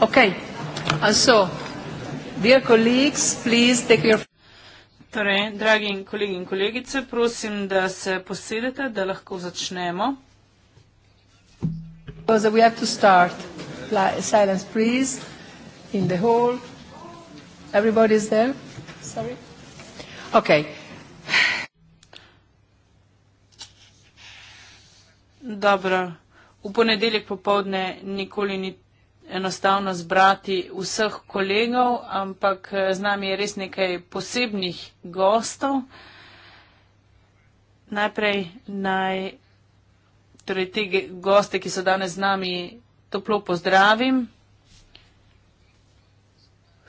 Okay. So, dear colleagues, please take your... Torej, dragi kolegi in kolegice, prosim, da se posedete, da lahko začnemo. Because we have to start. Silence, please. In the hall. Everybody is there? Sorry. Okay. Dobro. V ponedeljek popovdne nikoli ni enostavno zbrati vseh kolegov, ampak eh, z nami je res nekaj posebnih gostov. Najprej naj torej te goste, ki so danes z nami, toplo pozdravim.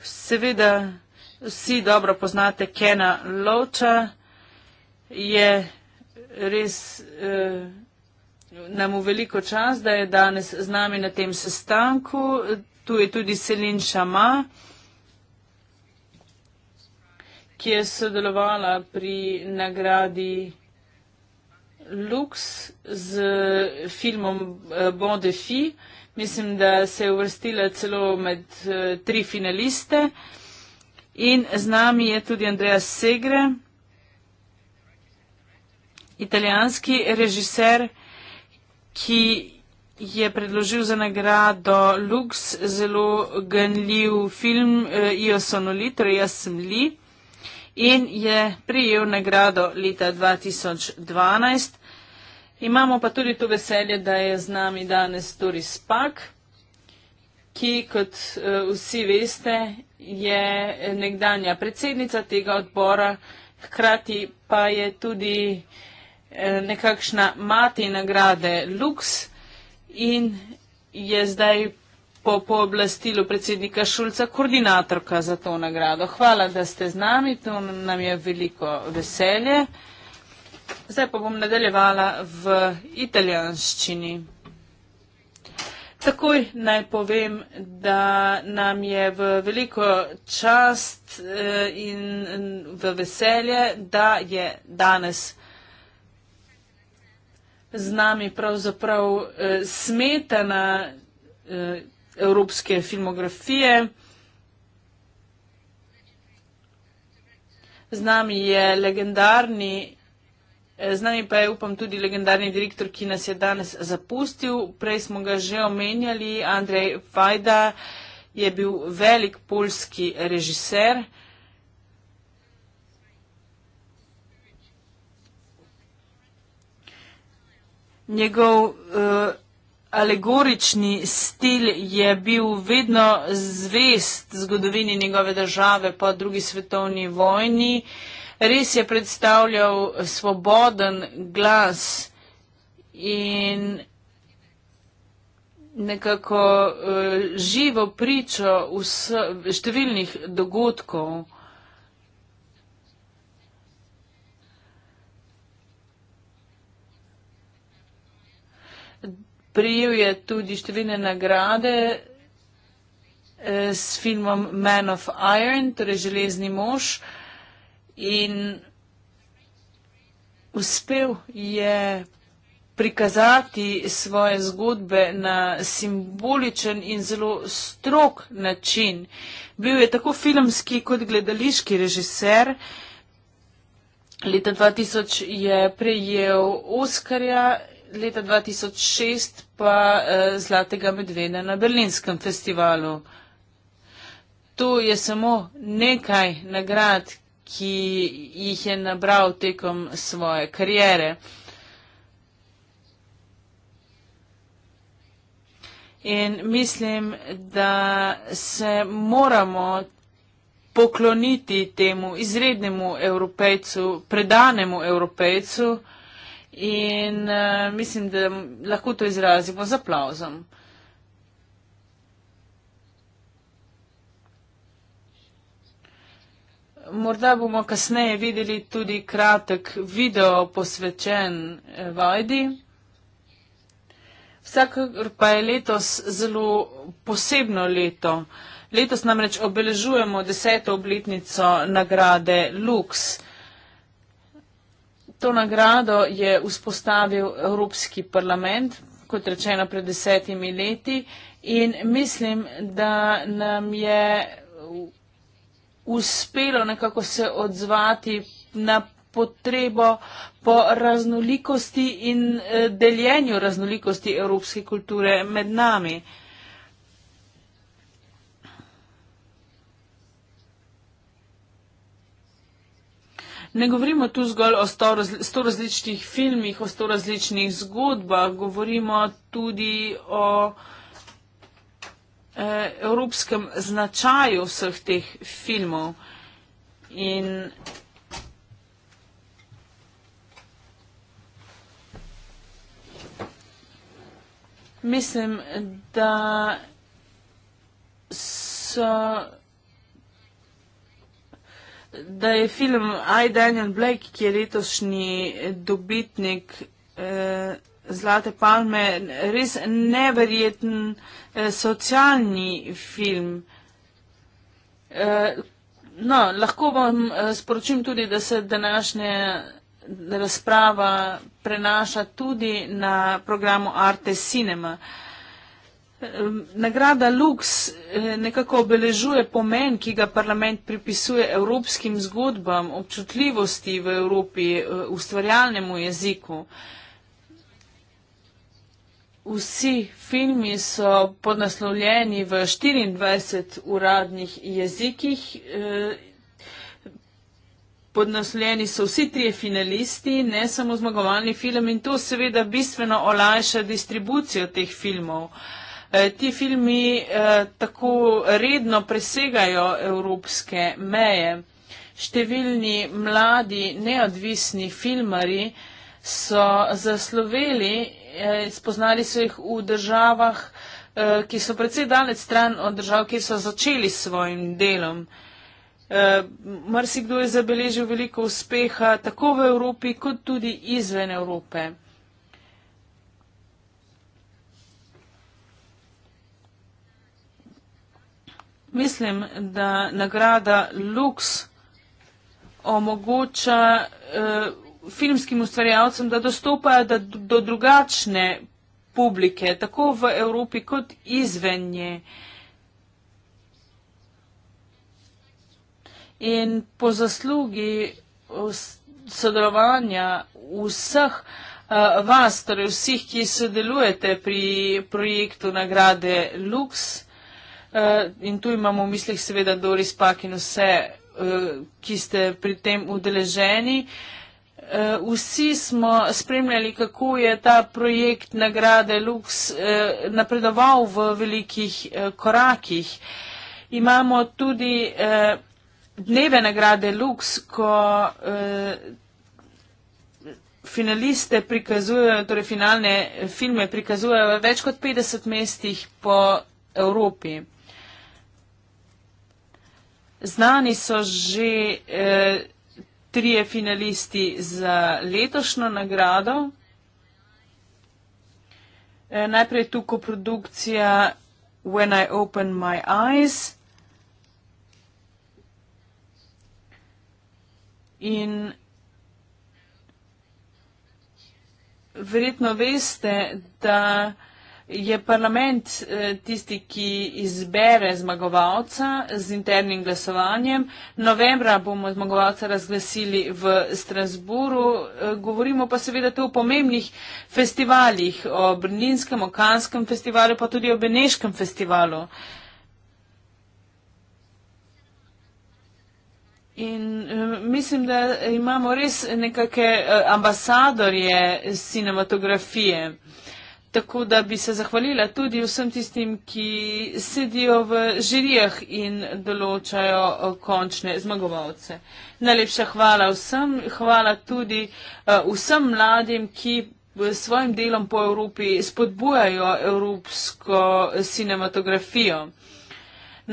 Seveda vsi dobro poznate Kena Loča, je res. Eh, nam v veliko čas, da je danes z nami na tem sestanku. Tu je tudi Selin Šama, ki je sodelovala pri nagradi Lux z filmom eh, Bon Defi. Mislim, da se je uvrstila celo med eh, tri finaliste. In z nami je tudi Andreja Segre, italijanski režiser ki je predložil za nagrado Lux zelo ganljiv film eh, Io sono li, torej jaz sem li, in je prijel nagrado leta 2012. Imamo pa tudi to veselje, da je z nami danes Tori Spak, ki, kot eh, vsi veste, je nekdanja predsednica tega odbora, hkrati pa je tudi Eh, nekakšna mati nagrade Lux in je zdaj po pooblastilu predsednika Šulca koordinatorka za to nagrado. Hvala, da ste z nami, to nam je veliko veselje. Zdaj pa bom nadaljevala v italijanščini. Takoj naj povem, da nam je v veliko čast eh, in v veselje, da je danes z nami pravzaprav eh, smetana eh, evropske filmografije. Z nami je legendarni, eh, z nami pa je upam tudi legendarni direktor, ki nas je danes zapustil. Prej smo ga že omenjali, Andrej Fajda je bil velik polski režiser. njegov uh, alegorični stil je bil vedno zvest zgodovini njegove države po drugi svetovni vojni. Res je predstavljal svoboden glas in nekako uh, živo pričo vse, številnih dogodkov. Prijel je tudi številne nagrade eh, s filmom Man of Iron, torej Železni mož. In uspel je prikazati svoje zgodbe na simboličen in zelo strok način. Bil je tako filmski kot gledališki režiser. Leta 2000 je prejel Oskarja leta 2006 pa eh, Zlatega medvede na Berlinskem festivalu. To je samo nekaj nagrad, ki jih je nabral tekom svoje karijere. In mislim, da se moramo pokloniti temu izrednemu evropejcu, predanemu evropejcu, in uh, mislim, da lahko to izrazimo z aplauzom. Morda bomo kasneje videli tudi kratek video posvečen eh, Vajdi. Vsakor pa je letos zelo posebno leto. Letos namreč obeležujemo deseto obletnico nagrade Luks. To nagrado je vzpostavil Evropski parlament, kot rečeno pred desetimi leti in mislim, da nam je uspelo nekako se odzvati na potrebo po raznolikosti in eh, deljenju raznolikosti evropske kulture med nami. ne govorimo tu zgolj o sto, razli, sto različnih filmih, o sto različnih zgodbah, govorimo tudi o eh, evropskem značaju vseh teh filmov. In mislim, da so da je film I. Daniel Blake, ki je letošnji dobitnik eh, Zlate palme, res neverjeten eh, socialni film. Eh, no, lahko vam eh, sporočim tudi, da se današnja razprava prenaša tudi na programu Arte Cinema. Eh, Nagrada Lux eh, nekako obeležuje pomen, ki ga parlament pripisuje evropskim zgodbam, občutljivosti v Evropi, eh, ustvarjalnemu jeziku. Vsi filmi so podnaslovljeni v 24 uradnih jezikih. Eh, podnaslovljeni so vsi trije finalisti, ne samo zmagovalni film in to seveda bistveno olajša distribucijo teh filmov. Eh, ti filmi eh, tako redno presegajo evropske meje. Številni mladi neodvisni filmari so zasloveli, eh, spoznali so jih v državah, ki so predvsej daleč stran od držav, ki so začeli s svojim delom. Mrsikdo je zabeležil veliko uspeha tako v Evropi, kot tudi izven Evrope. Mislim, da nagrada Lux omogoča uh, filmskim ustvarjalcem, da dostopajo da, do drugačne publike, tako v Evropi kot izven nje. In po zaslugi sodelovanja vseh uh, vas, torej vseh, ki sodelujete pri projektu nagrade Lux, uh, Eh, in tu imamo v mislih seveda Doris Pak in vse, eh, ki ste pri tem udeleženi. Eh, vsi smo spremljali, kako je ta projekt nagrade Lux napredoval v velikih korakih. Imamo tudi dneve nagrade Lux, ko finaliste prikazujejo, torej finalne filme prikazujejo v več kot 50 mestih po Evropi. Znani so že eh, trije finalisti za letošnjo nagrado. Eh, najprej tu koprodukcija When I Open My Eyes. In verjetno veste, da je parlament eh, tisti, ki izbere zmagovalca z internim glasovanjem. Novembra bomo zmagovalca razglasili v Strasburu. Eh, govorimo pa seveda tu o pomembnih festivalih, o Brninskem, o Kanskem festivalu, pa tudi o Beneškem festivalu. In eh, mislim, da imamo res nekake ambasadorje cinematografije. Uh, Tako da bi se zahvalila tudi vsem tistim, ki sedijo v žirijah in določajo eh, končne zmagovalce. Najlepša hvala vsem, hvala tudi eh, vsem mladim, ki eh, svojim delom po Evropi spodbujajo evropsko kinematografijo.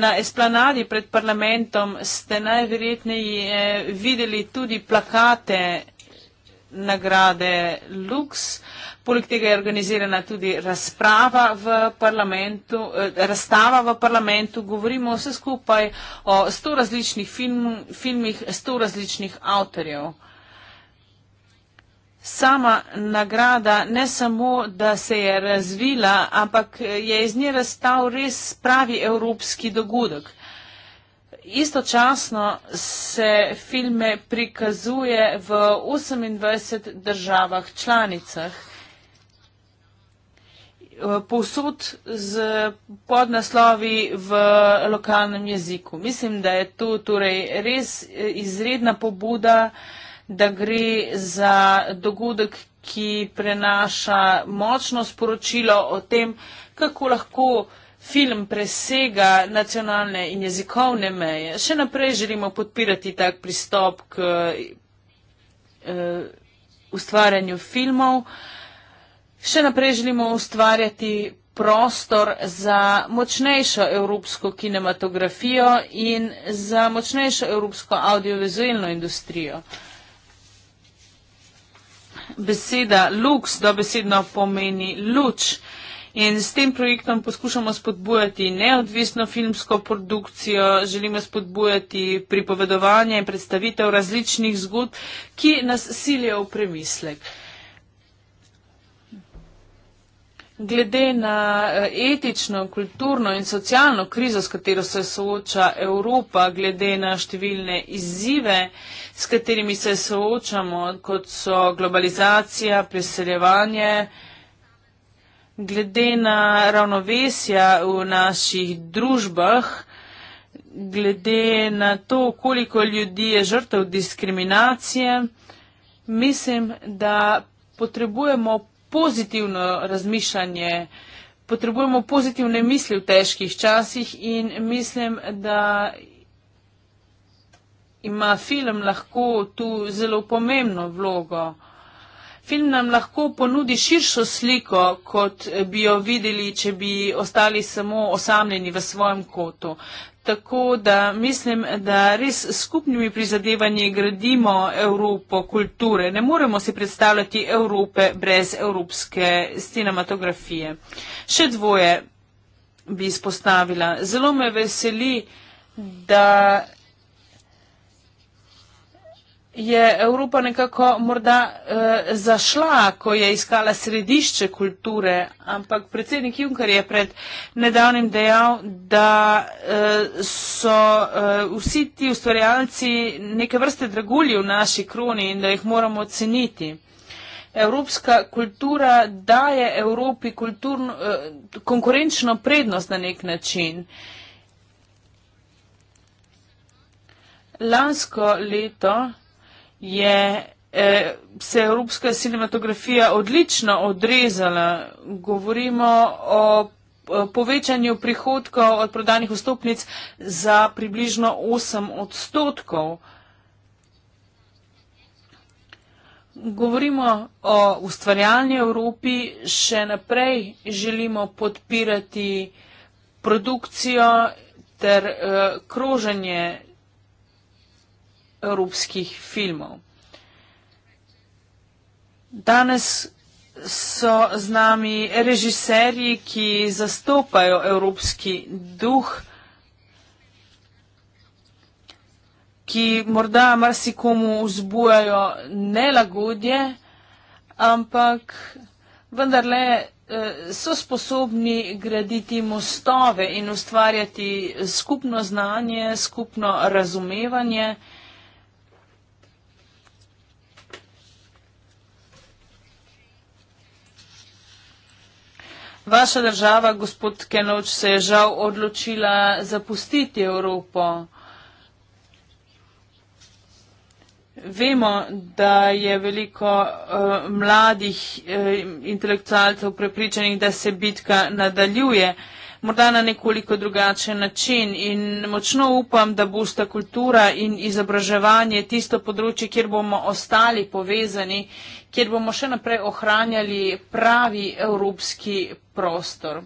Na esplanadi pred parlamentom ste najverjetneje videli tudi plakate nagrade Lux. Poleg tega je organizirana tudi razprava v parlamentu, eh, razstava v parlamentu. Govorimo vse skupaj o sto različnih film, filmih, sto različnih avtorjev. Sama nagrada ne samo, da se je razvila, ampak je iz nje razstal res pravi evropski dogodek istočasno se filme prikazuje v 28 državah članicah. Povsod z podnaslovi v lokalnem jeziku. Mislim, da je to torej res e, izredna pobuda, da gre za dogodek, ki prenaša močno sporočilo o tem, kako lahko film presega nacionalne in jezikovne meje. Še naprej želimo podpirati tak pristop k uh, ustvarjanju filmov. Še naprej želimo ustvarjati prostor za močnejšo evropsko kinematografijo in za močnejšo evropsko audiovizualno industrijo. Beseda luks dobesedno pomeni luč. Uh, In s tem projektom poskušamo spodbujati neodvisno filmsko produkcijo, želimo spodbujati pripovedovanje in predstavitev različnih zgodb, ki nas silijo v premislek. Glede na eh, etično, kulturno in socialno krizo, s katero se sooča Evropa, glede na številne izzive, s katerimi se soočamo, kot so globalizacija, priseljevanje, glede na ravnovesja v naših družbah, glede na to, koliko ljudi je žrtev diskriminacije, mislim, da potrebujemo pozitivno razmišljanje, potrebujemo pozitivne misli v težkih časih in mislim, da ima film lahko tu zelo pomembno vlogo. Film nam lahko ponudi širšo sliko, kot bi jo videli, če bi ostali samo osamljeni v svojem kotu. Tako da mislim, da res skupnimi prizadevanji gradimo Evropo kulture. Ne moremo si predstavljati Evrope brez evropske cinematografije. Še dvoje bi izpostavila. Zelo me veseli, da je Evropa nekako morda eh, zašla, ko je iskala središče kulture, ampak predsednik Juncker je pred nedavnim dejal, da eh, so eh, vsi ti ustvarjalci neke vrste dragulji v naši kroni in da jih moramo ceniti. Evropska kultura daje Evropi kulturno, eh, konkurenčno prednost na nek način. Lansko leto je eh, se evropska cinematografija odlično odrezala. Govorimo o povečanju prihodkov od prodanih vstopnic za približno 8 odstotkov. Govorimo o ustvarjalni Evropi, še naprej želimo podpirati produkcijo ter eh, kroženje evropskih filmov. Danes so z nami režiserji, ki zastopajo evropski duh, ki morda marsikomu vzbujajo nelagodje, ampak vendarle eh, so sposobni graditi mostove in ustvarjati skupno znanje, skupno razumevanje. Vaša država, gospod Kenoč, se je žal odločila zapustiti Evropo. Vemo, da je veliko uh, mladih uh, intelektualcev prepričanih, da se bitka nadaljuje, morda na nekoliko drugačen način. In močno upam, da bosta kultura in izobraževanje tisto področje, kjer bomo ostali povezani, kjer bomo še naprej ohranjali pravi evropski prostor.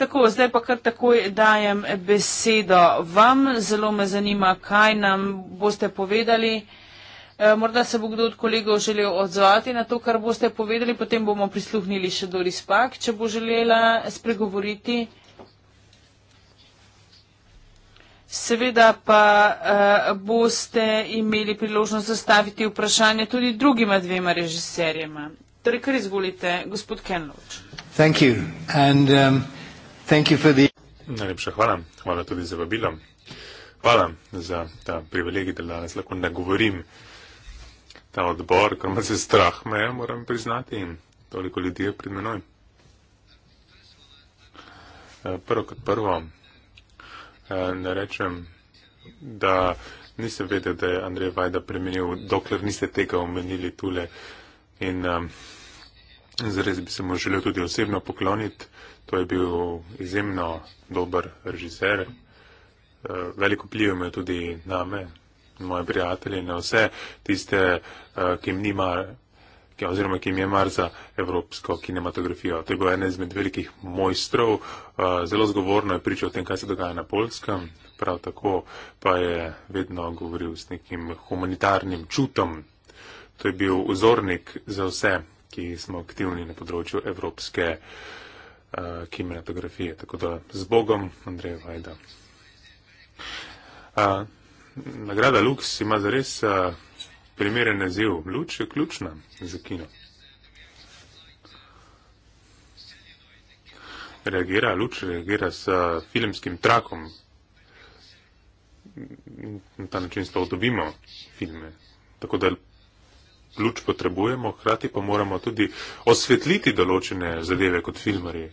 Tako, zdaj pa kar takoj dajem besedo vam. Zelo me zanima, kaj nam boste povedali. E, morda se bo kdo od kolegov želel odzvati na to, kar boste povedali, potem bomo prisluhnili še Doris Pak, če bo želela spregovoriti. Seveda pa uh, boste imeli priložnost zastaviti vprašanje tudi drugima dvema režiserjema. Torej, kar izvolite, gospod Kenloč. Um, Najlepša hvala. Hvala tudi za vabilo. Hvala za ta privilegij, da danes lahko nagovorim ta odbor, ker me se strah me, moram priznati, in toliko ljudi je pred menoj. Eh, prvo kot prvo. Eh, ne rečem, da nisem vedel, da je Andrej Vajda premenil, dokler niste tega omenili tule. In um, zares bi se mu želel tudi osebno pokloniti. To je bil izjemno dober režiser. Eh, Veliko vpliv ima tudi name, moje prijatelje, na vse tiste, eh, ki jim nima ki, oziroma ki jim je mar za evropsko kinematografijo. To je bil en izmed velikih mojstrov, uh, zelo zgovorno je pričal o tem, kaj se dogaja na Polskem, prav tako pa je vedno govoril s nekim humanitarnim čutom. To je bil vzornik za vse, ki smo aktivni na področju evropske uh, kinematografije. Tako da z Bogom, Andrej Vajda. Uh, nagrada Lux ima zares. A, primeren naziv. Luč je ključna za kino. Reagira, luč reagira s filmskim trakom. Na ta način sploh dobimo filme. Tako da luč potrebujemo, hkrati pa moramo tudi osvetliti določene zadeve kot filmari.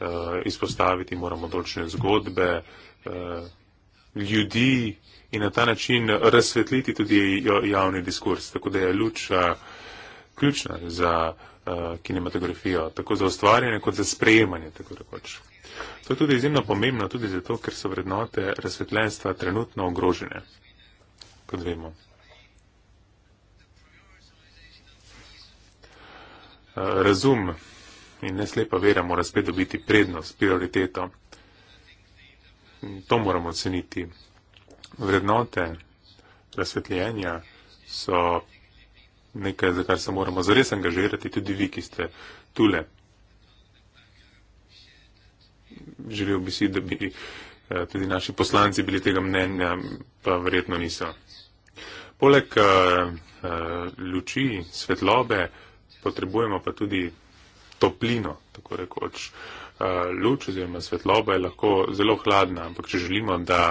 Uh, eh, izpostaviti moramo določene zgodbe, uh, ljudi, uh, in na ta način razsvetliti tudi javni diskurs. Tako da je luč eh, ključna za eh, kinematografijo, tako za ustvarjanje kot za sprejemanje. To je tudi izjemno pomembno, tudi zato, ker so vrednote razsvetljenstva trenutno ogrožene, kot vemo. Eh, razum in ne slepa vera mora spet dobiti prednost, prioriteto. To moramo oceniti vrednote razsvetljenja so nekaj, za kar se moramo zares angažirati, tudi vi, ki ste tule. Želel bi si, da bi eh, tudi naši poslanci bili tega mnenja, pa verjetno niso. Poleg eh, eh, luči, svetlobe, potrebujemo pa tudi toplino, tako rekoč. Luč oziroma svetloba je lahko zelo hladna, ampak če želimo, da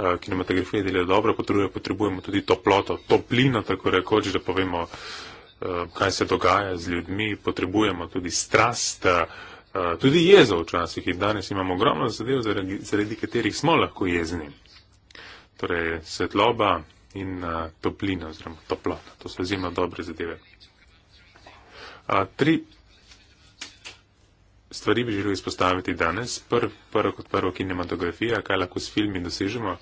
Eh, kinematografije delajo dobro, potrebujemo, potrebujemo tudi toploto, toplino, tako rekoč, da povemo, eh, kaj se dogaja z ljudmi, potrebujemo tudi strast, eh, tudi jezo včasih in danes imamo ogromno zadev, zaradi, zaradi katerih smo lahko jezni. Torej, svetloba in toplina oziroma toplota, to so izjemno dobre zadeve. A, tri stvari bi želel izpostaviti danes. Prvo pr, kot prvo kinematografija, kaj lahko s filmi dosežemo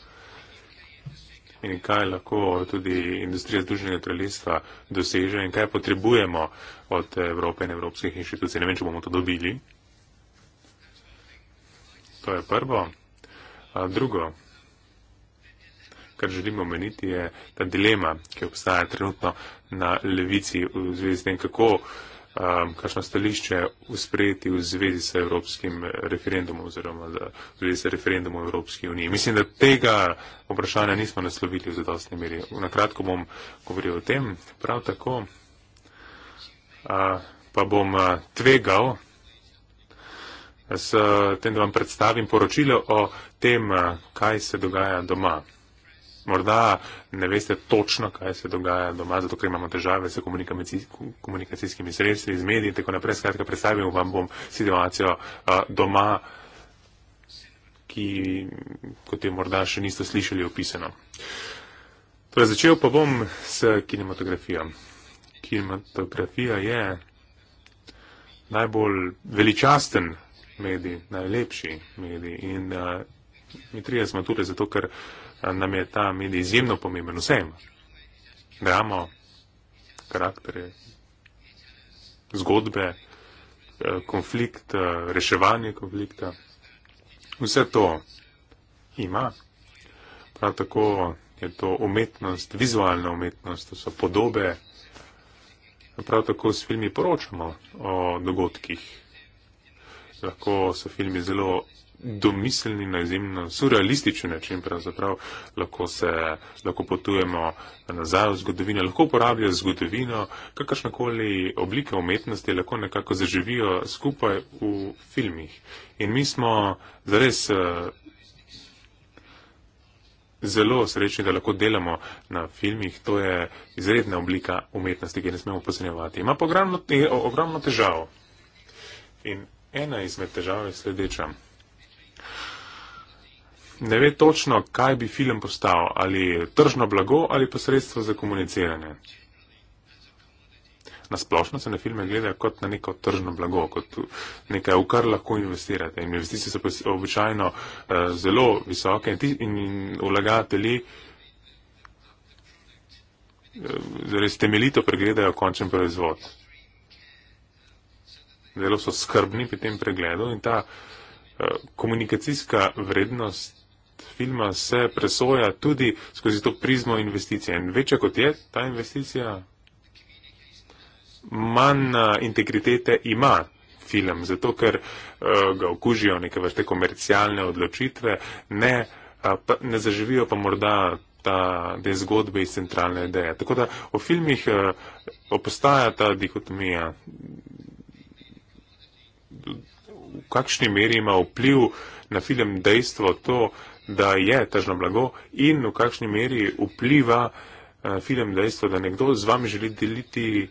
in kaj lahko tudi industrija združenega kraljestva doseže in kaj potrebujemo od Evrope in evropskih inštitucij. Ne vem, če bomo to dobili. To je prvo. A drugo, kar želim omeniti, je ta dilema, ki obstaja trenutno na levici v zvezi s tem, kako um, kakšno stališče usprejeti v zvezi s evropskim referendumom oziroma v zvezi s referendumom Evropski uniji. Mislim, da tega vprašanja nismo naslovili v zadostni meri. Na kratko bom govoril o tem. Prav tako uh, pa bom uh, tvegal, s tem, da vam predstavim poročilo o tem, kaj se dogaja doma morda ne veste točno, kaj se dogaja doma, zato ker imamo težave s komunikacijskimi sredstvi, z mediji in tako naprej. Skratka, predstavim vam bom situacijo uh, doma, ki, kot je morda še niste slišali opisano. Torej, začel pa bom s kinematografijo. Kinematografija je najbolj veličasten medij, najlepši medij. In uh, mi trije smo tudi zato, ker. Uh, nam je ta med izjemno pomemben. Vsem, da imamo karakterje, zgodbe, eh, konflikt, eh, reševanje konflikta. Vse to ima. Prav tako je to umetnost, vizualna umetnost, to so podobe. Prav tako s filmi poročamo o dogodkih. Lahko so filmi zelo domiselni, na izjemno surrealističen način, pravzaprav lahko, se, lahko potujemo nazaj v zgodovino, lahko uporabljajo zgodovino, kakršnakoli oblike umetnosti lahko nekako zaživijo skupaj v filmih. In mi smo zares eh, zelo srečni, da lahko delamo na filmih, to je izredna oblika umetnosti, ki ne smemo posnevati. Ima pa ogromno težavo. In ena izmed težav je sledeča ne ve točno, kaj bi film postal, ali tržno blago ali pa sredstvo za komuniciranje. Nasplošno se na filme gleda kot na neko tržno blago, kot nekaj, v kar lahko investirate. In investicije so običajno uh, zelo visoke in, ti, in, in vlagateli uh, eh, res temeljito pregledajo končen proizvod. Zelo so skrbni pri tem pregledu in ta uh, Eh, komunikacijska vrednost filma se presoja tudi skozi to prizmo investicije. In večja kot je ta investicija, manj eh, integritete ima film, zato ker uh, ga okužijo neke vrste komercialne odločitve, ne, uh, pa, ne zaživijo pa morda ta, te zgodbe iz centralne ideje. Tako da v filmih uh, obstaja ta dihotomija v kakšni meri ima vpliv na film dejstvo to, da je tržno blago in v kakšni meri vpliva eh, film dejstvo, da nekdo z vami želi deliti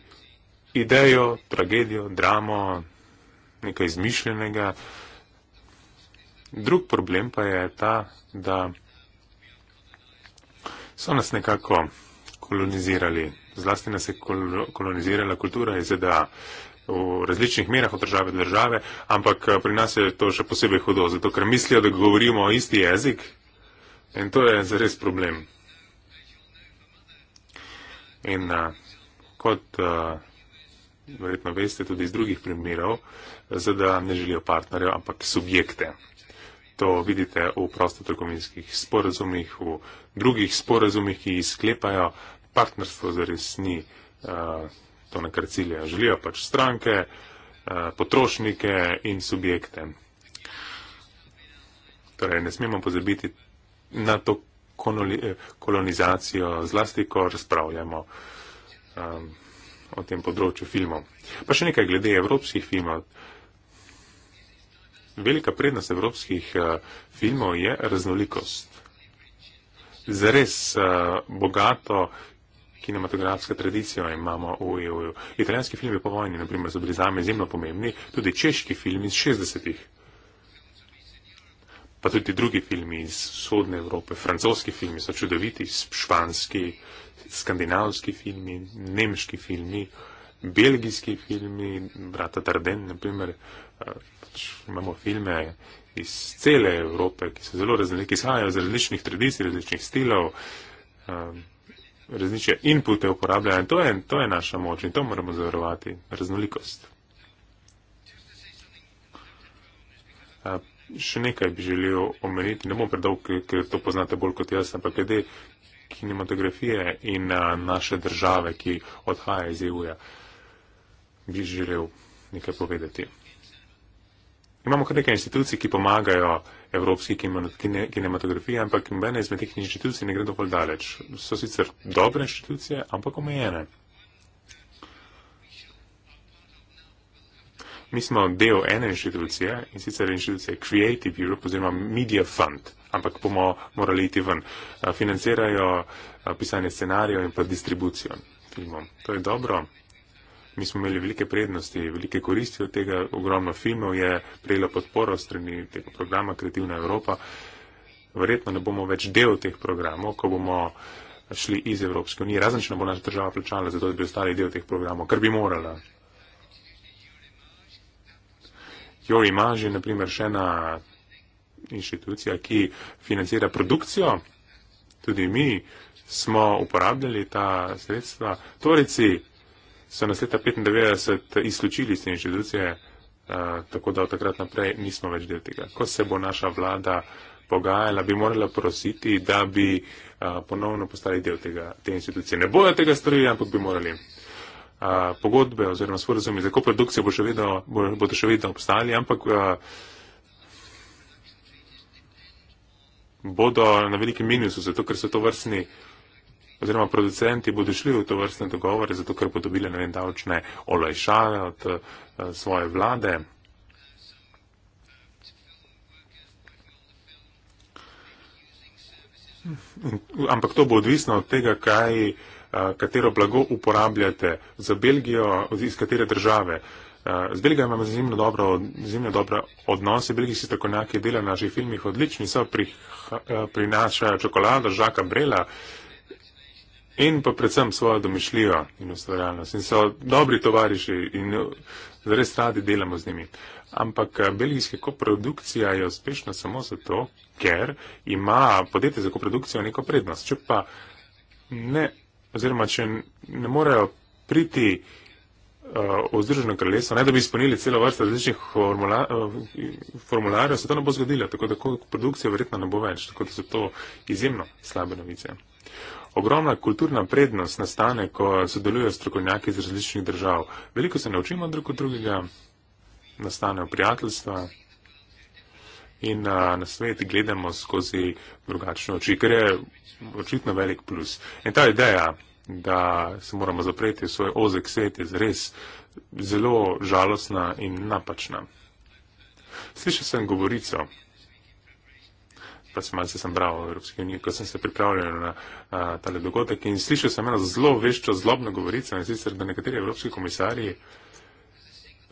idejo, tragedijo, dramo, nekaj izmišljenega. Drug problem pa je ta, da so nas nekako kolonizirali, zlasti nas je kolonizirala kultura iz ZDA v različnih merah od države do države, ampak eh, pri nas je to še posebej hudo, zato ker mislijo, da govorimo isti jezik in to je zares problem. In eh, kot eh, verjetno veste tudi iz drugih primerov, zda ne želijo partnerjev, ampak subjekte. To vidite v prostotrgovinskih sporazumih, v drugih sporazumih, ki izklepajo partnerstvo, zares ni uh, to, na kar ciljajo. Želijo pač stranke, eh, potrošnike in subjekte. Torej, ne smemo pozabiti na to eh, kolonizacijo, zlasti, ko razpravljamo um, o tem področju filmov. Pa še nekaj glede evropskih filmov. Velika prednost evropskih uh, filmov je raznolikost. Zares uh, bogato kinematografska tradicija imamo v EU. Italijanski filmi po vojni, naprimer, so bili zame izjemno pomembni, tudi češki film iz 60-ih. Pa tudi drugi filmi iz vzhodne Evrope, francoski filmi so čudoviti, španski, skandinavski filmi, nemški filmi, belgijski filmi, brata Tarden, naprimer, eh, pač imamo filme iz cele Evrope, ki so zelo različni, ki izhajajo iz različnih tradicij, različnih stilov. Um, različne inpute uporabljajo in to je, to je naša moč in to moramo zavarovati, raznolikost. A, še nekaj bi želel omeniti, ne bom predolg, ker to poznate bolj kot jaz, ampak glede kinematografije in a, naše države, ki odhaja iz EU-ja, bi želel nekaj povedati. Imamo kar nekaj institucij, ki pomagajo evropski kinematografiji, ampak nobene izmed teh institucij ne gre dovolj daleč. So sicer dobre institucije, ampak omejene. Mi smo del ene inštitucije in sicer inštitucije Creative Europe oziroma Media Fund, ampak bomo morali iti ven. Financirajo pisanje scenarijev in pa distribucijo filmov. To je dobro mi smo imeli velike prednosti, velike koristi od tega, ogromno filmov je prejelo podporo strani tega programa Kreativna Evropa. Verjetno ne bomo več del teh programov, ko bomo šli iz Evropske unije, razen če nam bo naša država plačala za to, da bi ostali del teh programov, kar bi morala. Your Image je naprimer še ena inštitucija, ki financira produkcijo. Tudi mi smo uporabljali ta sredstva. Torici, so nas leta 95 izključili iz te inštitucije, eh, tako da od takrat naprej nismo več del tega. Ko se bo naša vlada pogajala, bi morala prositi, da bi eh, ponovno postali del tega, te inštitucije. Ne bojo tega storili, ampak bi morali. Eh, pogodbe oziroma sporozumi za koprodukcijo bo bodo še vedno obstali, ampak bodo na velikem minusu, zato ker so to vrstni oziroma producenti bodo šli v to vrstne dogovore, zato ker bodo dobili, ne vem, davčne olajšave od eh, svoje vlade. Ampak to bo odvisno od tega, kaj, eh, katero blago uporabljate za Belgijo, iz katere države. Eh, z Belgijo imamo izjemno dobro, izjemno dobro odnose. Belgijski strokovnjaki delajo na naših filmih odlični, so prinašajo čokolado, žaka brela. Uh, in pa predvsem svojo domišljivo in ustvarjalnost. In so dobri tovariši in eh, res radi delamo z njimi. Ampak eh, belgijska koprodukcija je uspešna samo zato, ker ima podjetje za koprodukcijo neko prednost. Če pa ne, oziroma če ne morejo priti uh, v združeno kraljestvo, ne da bi izpolnili celo vrsto različnih formula, uh, formularjev, se to ne bo zgodilo. Tako da koprodukcija verjetno ne bo več. Tako da so to izjemno slabe novice ogromna kulturna prednost nastane, ko sodelujejo strokovnjaki iz različnih držav. Veliko se naučimo drug od drugega, nastanejo prijateljstva in a, na svet gledamo skozi drugačne oči, kar je očitno velik plus. In ta ideja, da se moramo zapreti v svoj ozek svet, je res zelo žalostna in napačna. Slišal sem govorico, pač malce sem bral v Evropski uniji, ko sem se pripravljal na a, tale dogodek in slišal sem eno zelo veščo, zlobno govorico in sicer, da nekateri evropski komisarji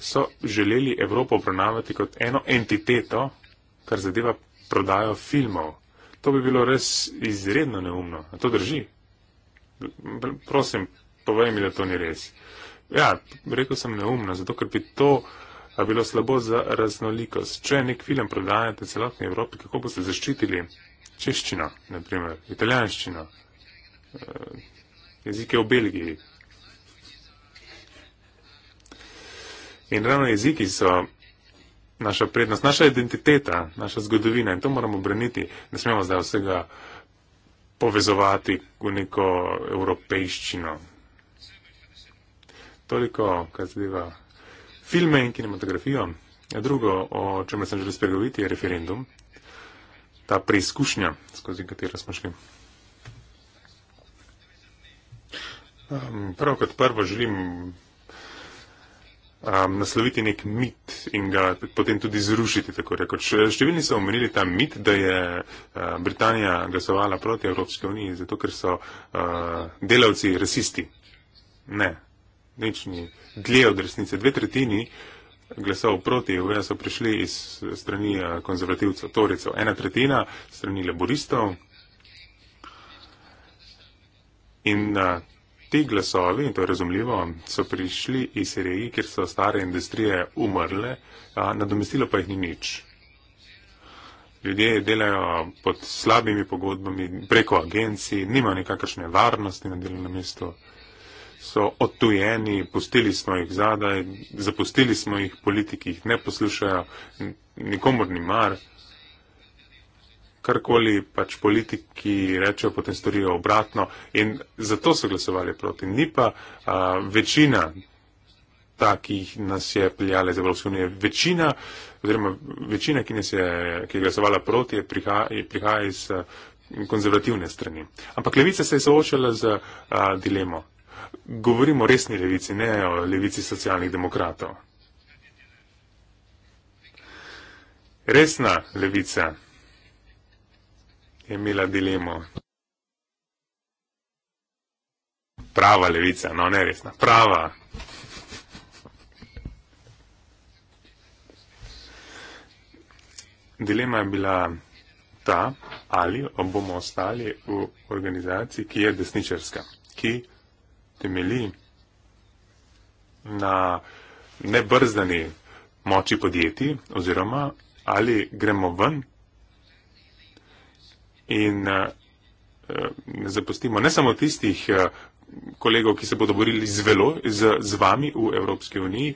so želeli Evropo obravnavati kot eno entiteto, kar zadeva prodajo filmov. To bi bilo res izredno neumno. A to drži? Prosim, povej mi, da to ni res. Ja, rekel sem neumno, zato ker bi to. Ali je bilo slabo za raznolikost? Če nek film prodajate celotni Evropi, kako boste zaščitili češčino, naprimer italijanščino, eh, jezike v Belgiji? In ravno jeziki so naša prednost, naša identiteta, naša zgodovina in to moramo braniti. Ne smemo zdaj vsega povezovati v neko evropejščino. Toliko, kar zadeva filme in kinematografijo. Drugo, o čemer sem želel spregovoriti, je referendum, ta preizkušnja, skozi katero smo šli. Um, prav kot prvo želim um, nasloviti nek mit in ga potem tudi zrušiti. Številni so omenili ta mit, da je uh, Britanija glasovala proti Evropske unije, zato ker so uh, delavci rasisti. Ne, nič ni dlje od resnice. Dve tretjini glasov proti EU-ja so prišli iz strani eh, konzervativcev, torecev. Ena tretjina strani laboristov. In a, eh, ti glasovi, in to je razumljivo, so prišli iz regij, kjer so stare industrije umrle, a, nadomestilo pa jih ni nič. Ljudje delajo pod slabimi pogodbami, preko agencij, nima nekakršne varnosti na delovnem mestu so odtujeni, pustili smo jih zadaj, zapustili smo jih, politiki jih ne poslušajo, nikomor ni mar. Karkoli pač politiki rečejo, potem storijo obratno in zato so glasovali proti. Ni pa a, večina ta, ki nas je peljala iz Evropske unije. Večina, oziroma večina, ki, je, ki je glasovala proti, je priha, je prihaja iz konzervativne strani. Ampak levica se je soočala z a, dilemo. Govorimo o resni levici, ne o levici socialnih demokratov. Resna levica je imela dilemo. Prava levica, no ne resna, prava. Dilema je bila ta, ali bomo ostali v organizaciji, ki je desničarska, ki temelji na nebrzdani moči podjetij oziroma ali gremo ven in ne eh, eh, zapustimo ne samo tistih eh, kolegov, ki se bodo borili z, velo, z, z vami v Evropski uniji,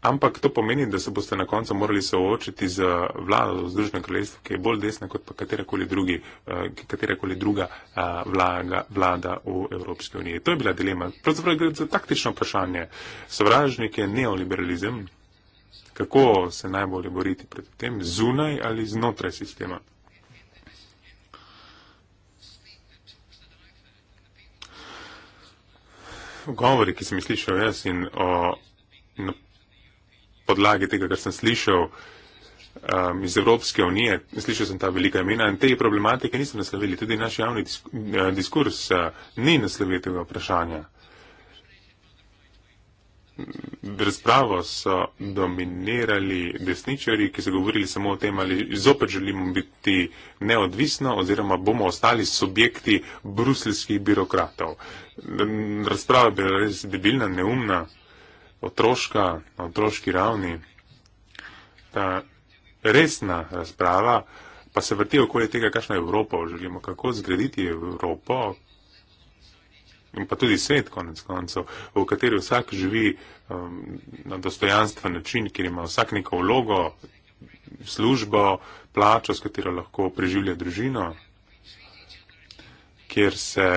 Ampak to pomeni, da se boste na koncu morali soočiti z vlado Združenega kraljestva, ki je bolj desna kot pa katerakoli, drugi, eh, katerakoli druga eh, vlaga, vlada v Evropski uniji. To je bila dilema. Pravzaprav gre za taktično vprašanje. Sovražnik je neoliberalizem. Kako se najbolje boriti pred tem, zunaj ali znotraj sistema? Govori, ki sem jih slišal jaz in o. No, podlagi tega, kar sem slišal um, iz Evropske unije, slišal sem ta velika imena in te problematike niso naslovili, tudi naš javni disk, uh, eh, diskurs uh, eh, ni naslovil tega vprašanja. Razpravo so dominirali desničari, ki so govorili samo o tem, ali zopet želimo biti neodvisno oziroma bomo ostali subjekti bruslskih birokratov. Razprava je bila res debilna, neumna otroška, na otroški ravni. Ta resna razprava pa se vrti okoli tega, kakšna je Evropa, želimo kako zgraditi Evropo in pa tudi svet, konec koncev, v kateri vsak živi um, na dostojanstven način, kjer ima vsak neko vlogo, službo, plačo, s katero lahko preživlja družino, kjer se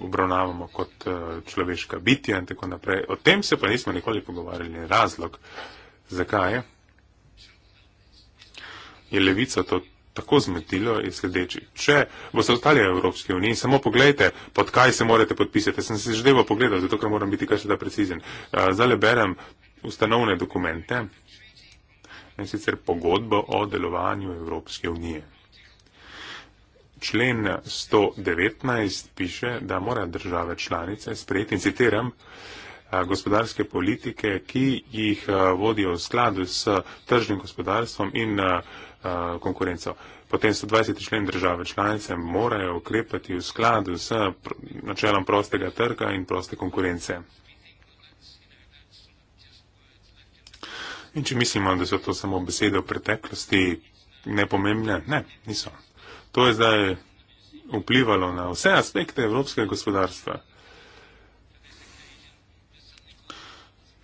obravnavamo kot eh, človeška bitja in tako naprej. O tem se pa nismo nikoli pogovarjali. Razlog, zakaj je levica to tako zmetilo, je sledeči. Če boste ostali v Evropski uniji, samo pogledajte, pod kaj se morate podpisati. Sem se že devo pogledal, zato ker moram biti kaj še da precizen. Eh, Zdaj berem ustanovne dokumente in sicer pogodbo o delovanju Evropske unije člen 119 piše, da mora države članice sprejeti, in citiram, gospodarske politike, ki jih vodijo v skladu s tržnim gospodarstvom in konkurenco. Potem so 20. člen države članice morajo ukrepati v skladu s načelom prostega trga in proste konkurence. In če mislimo, da so to samo besede v preteklosti, nepomembne, ne, niso. To je zdaj vplivalo na vse aspekte evropskega gospodarstva.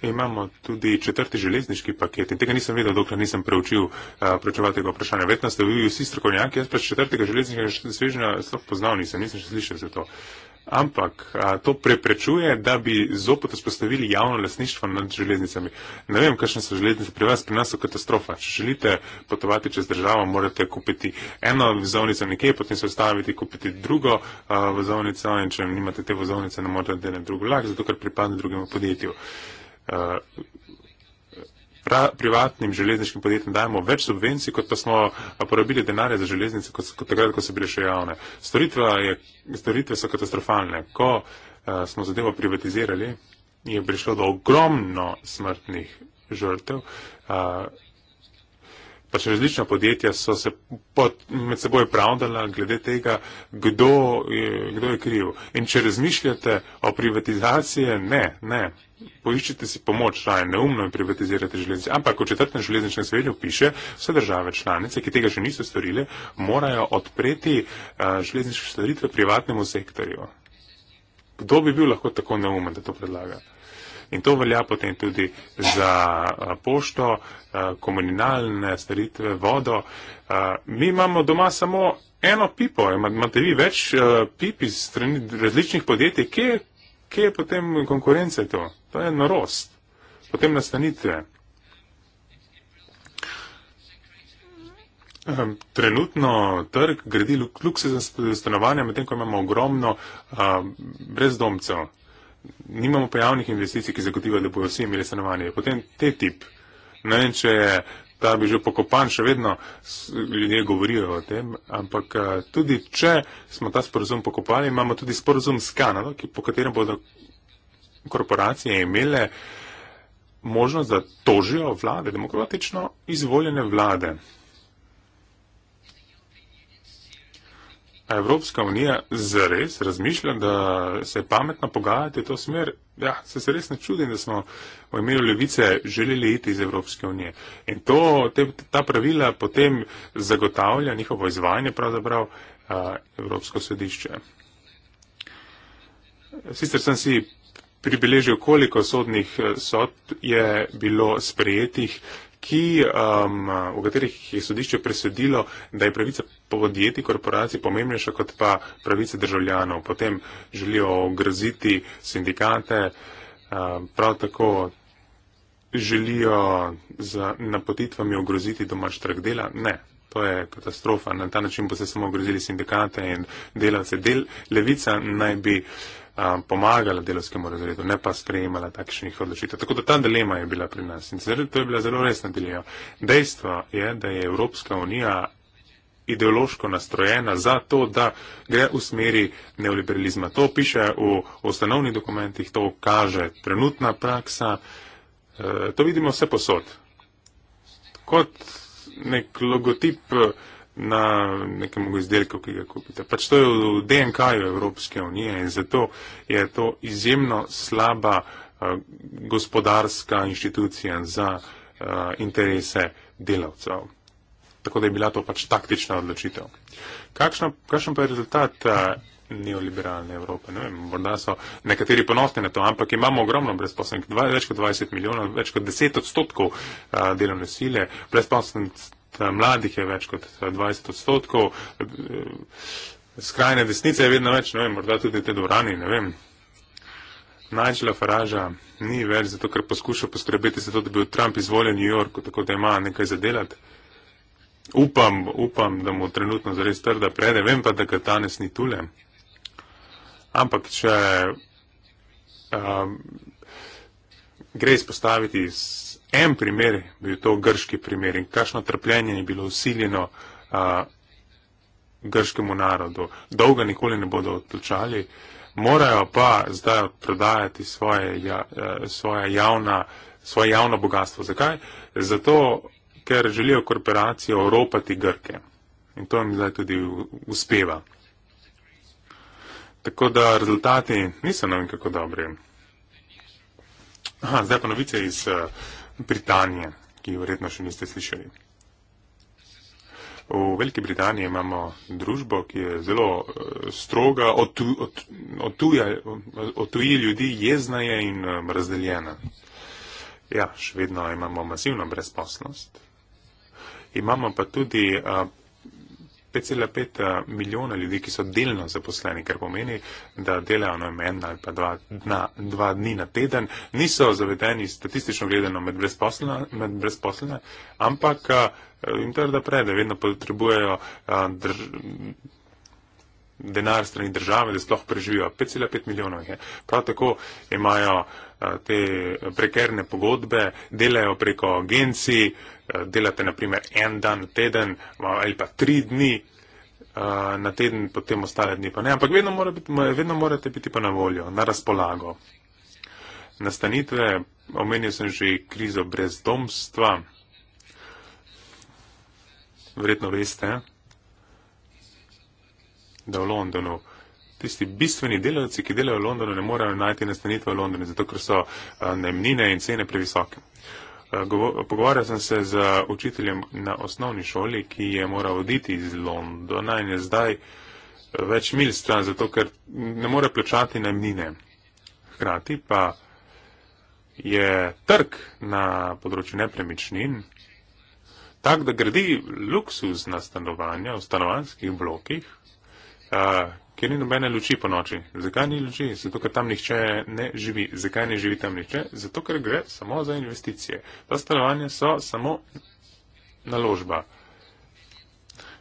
Imamo tudi četrti železniški paket in tega nisem vedel, dokler nisem preučil eh, prečevatega vprašanja. Vetno ste bili vsi strokovnjaki, jaz pa četrtega železniškega svežnja sploh poznal nisem, nisem še slišal za to. Ampak a, to preprečuje, da bi zopet vzpostavili javno lasništvo nad železnicami. Ne vem, kakšne so železnice pri vas, pri nas so katastrofa. Če želite potovati čez državo, morate kupiti eno vzovnico nekje, potem se ustaviti, kupiti drugo a, vzovnico in če nimate te vzovnice, ne morete delati drugo lag, zato ker pripadne drugemu podjetju. Eh, pra, privatnim železniškim podjetjem dajemo več subvencij, kot pa smo eh, porabili denarja za železnice, kot, kot takrat, ko so bile še javne. Je, storitve so katastrofalne. Ko uh, smo zadevo privatizirali, je prišlo do ogromno smrtnih žrtev. Uh, Pač različna podjetja so se pod, med seboj pravdala glede tega, kdo je, kdo je kriv. In če razmišljate o privatizaciji, ne, ne, poiščite si pomoč, raje neumno in privatizirate železnice. Ampak v četrtem železničnem svetu piše, vse države članice, ki tega še niso storile, morajo odpreti eh, železniške storitve privatnemu sektorju. Kdo bi bil lahko tako neumen, da to predlaga? In to velja potem tudi za eh, pošto, eh, komunalne storitve, vodo. Mi imamo doma samo eno pipo, imate vi več pip iz različnih podjetij, kje, kje je potem konkurence to? To je narost. Potem nastanitve. Ehm, trenutno trg gradi lukse za stanovanje, medtem ko imamo ogromno a, ehm, brezdomcev. Nimamo pa javnih investicij, ki zagotivajo, da bodo vsi imeli stanovanje. Potem te tip. Ne vem, če je ta bi že pokopan, še vedno ljudje govorijo o tem, ampak a, eh, tudi če smo ta sporozum pokopali, imamo tudi sporozum s Kanado, ki, po katerem bodo korporacije imele možnost, da tožijo vlade, demokratično izvoljene vlade. Evropska unija zares razmišlja, da se je pametno pogajati to smer. Ja, se, se res ne čudim, da smo v imenu levice želeli iti iz Evropske unije. In to, te, ta pravila potem zagotavlja njihovo izvajanje, pravzaprav Evropsko sodišče. Sicer sem si pribeležil, koliko sodnih eh, sod je bilo sprejetih, ki, um, v katerih je sodišče presedilo, da je pravica podjetij, korporacij pomembnejša kot pa pravice državljanov. Potem želijo ogroziti sindikate, um, prav tako želijo z napotitvami ogroziti domač trg dela. Ne. To je katastrofa. Na ta način bo se samo ogrozili sindikate in delavce. Del, levica naj bi uh, um, pomagala delovskemu razredu, ne pa sprejemala takšnih odločitev. Tako da ta dilema je bila pri nas in to je bila zelo resna dilema. Dejstvo je, da je Evropska unija ideološko nastrojena za to, da gre v smeri neoliberalizma. To piše v osnovnih dokumentih, to kaže trenutna praksa. E, to vidimo vse posod. Kot nek logotip na nekem izdelku, ki ga kupite. Pač to je v DNK-ju Evropske unije in zato je to izjemno slaba eh, gospodarska inštitucija za eh, interese delavcev. Tako da je bila to pač taktična odločitev. Kakšno, kakšen pa je rezultat eh, neoliberalne Evrope? Ne vem, morda so nekateri ponosni na to, ampak imamo ogromno brezposlenih, več kot 20 milijonov, več kot 10 odstotkov delovne sile, brezposlenih Eh, mladih je več kot 20 eh, odstotkov, eh, skrajne desnice je vedno več, ne vem, morda tudi te dvorani, ne vem. Najčela faraža ni več zato, ker poskuša poskrbeti za to, da bi bil Trump izvoljen v New Yorku, tako da ima nekaj zadelati. Upam, upam, da mu trenutno zares trda prede, vem pa, da ga danes ni tule. Ampak, če um, gre izpostaviti en primer, bil to grški primer in kakšno trpljenje je bilo usiljeno a, grškemu narodu. Dolga nikoli ne bodo odplačali, morajo pa zdaj prodajati svoje, ja, e, svoje, javna, svoje javno bogatstvo. Zakaj? Zato, ker želijo korporacijo ropati Grke. In to jim zdaj tudi uspeva. Tako da rezultati niso nam kako dobri. Aha, zdaj pa novice iz uh, Britanije, ki jo verjetno še niste slišali. V Veliki Britaniji imamo družbo, ki je zelo eh, stroga, od tuji ljudi jezna je in eh, razdeljena. Ja, še vedno imamo masivno brezposlost. Imamo pa tudi a, eh, 5,5 eh, milijona ljudi, ki so delno zaposleni, kar pomeni, da delajo na en ali pa dva, dna, dva dni na teden, niso zavedeni statistično gledano med brezposlene, med brezposlene ampak eh, jim trda prede, vedno potrebujejo. A, eh, drž, denar strani države, da sploh preživijo. 5,5 milijonov jih je. Prav tako imajo eh, te prekerne pogodbe, delajo preko agencij, eh, delate naprimer en dan na teden ali pa tri dni eh, na teden, potem ostale dni pa ne. Ampak vedno, mora biti, vedno morate biti pa na voljo, na razpolago. Nastanitve, omenil sem že krizo brezdomstva, verjetno veste, da v Londonu. Tisti bistveni delavci, ki delajo v Londonu, ne morejo najti nastanitev v Londonu, zato ker so eh, najemnine in cene previsoke. Eh, pogovarjal sem se z eh, učiteljem na osnovni šoli, ki je moral oditi iz Londona in je zdaj več mil stran, zato ker ne more plačati najemnine. Hkrati pa je trg na področju nepremičnin tak, da gradi luksuzna stanovanja v stanovanskih blokih, kjer ni nobene luči po noči. Zakaj ni luči? Zato, ker tam nihče ne živi. Zakaj ne živi tam nihče? Zato, ker gre samo za investicije. Ta stanovanja so samo naložba.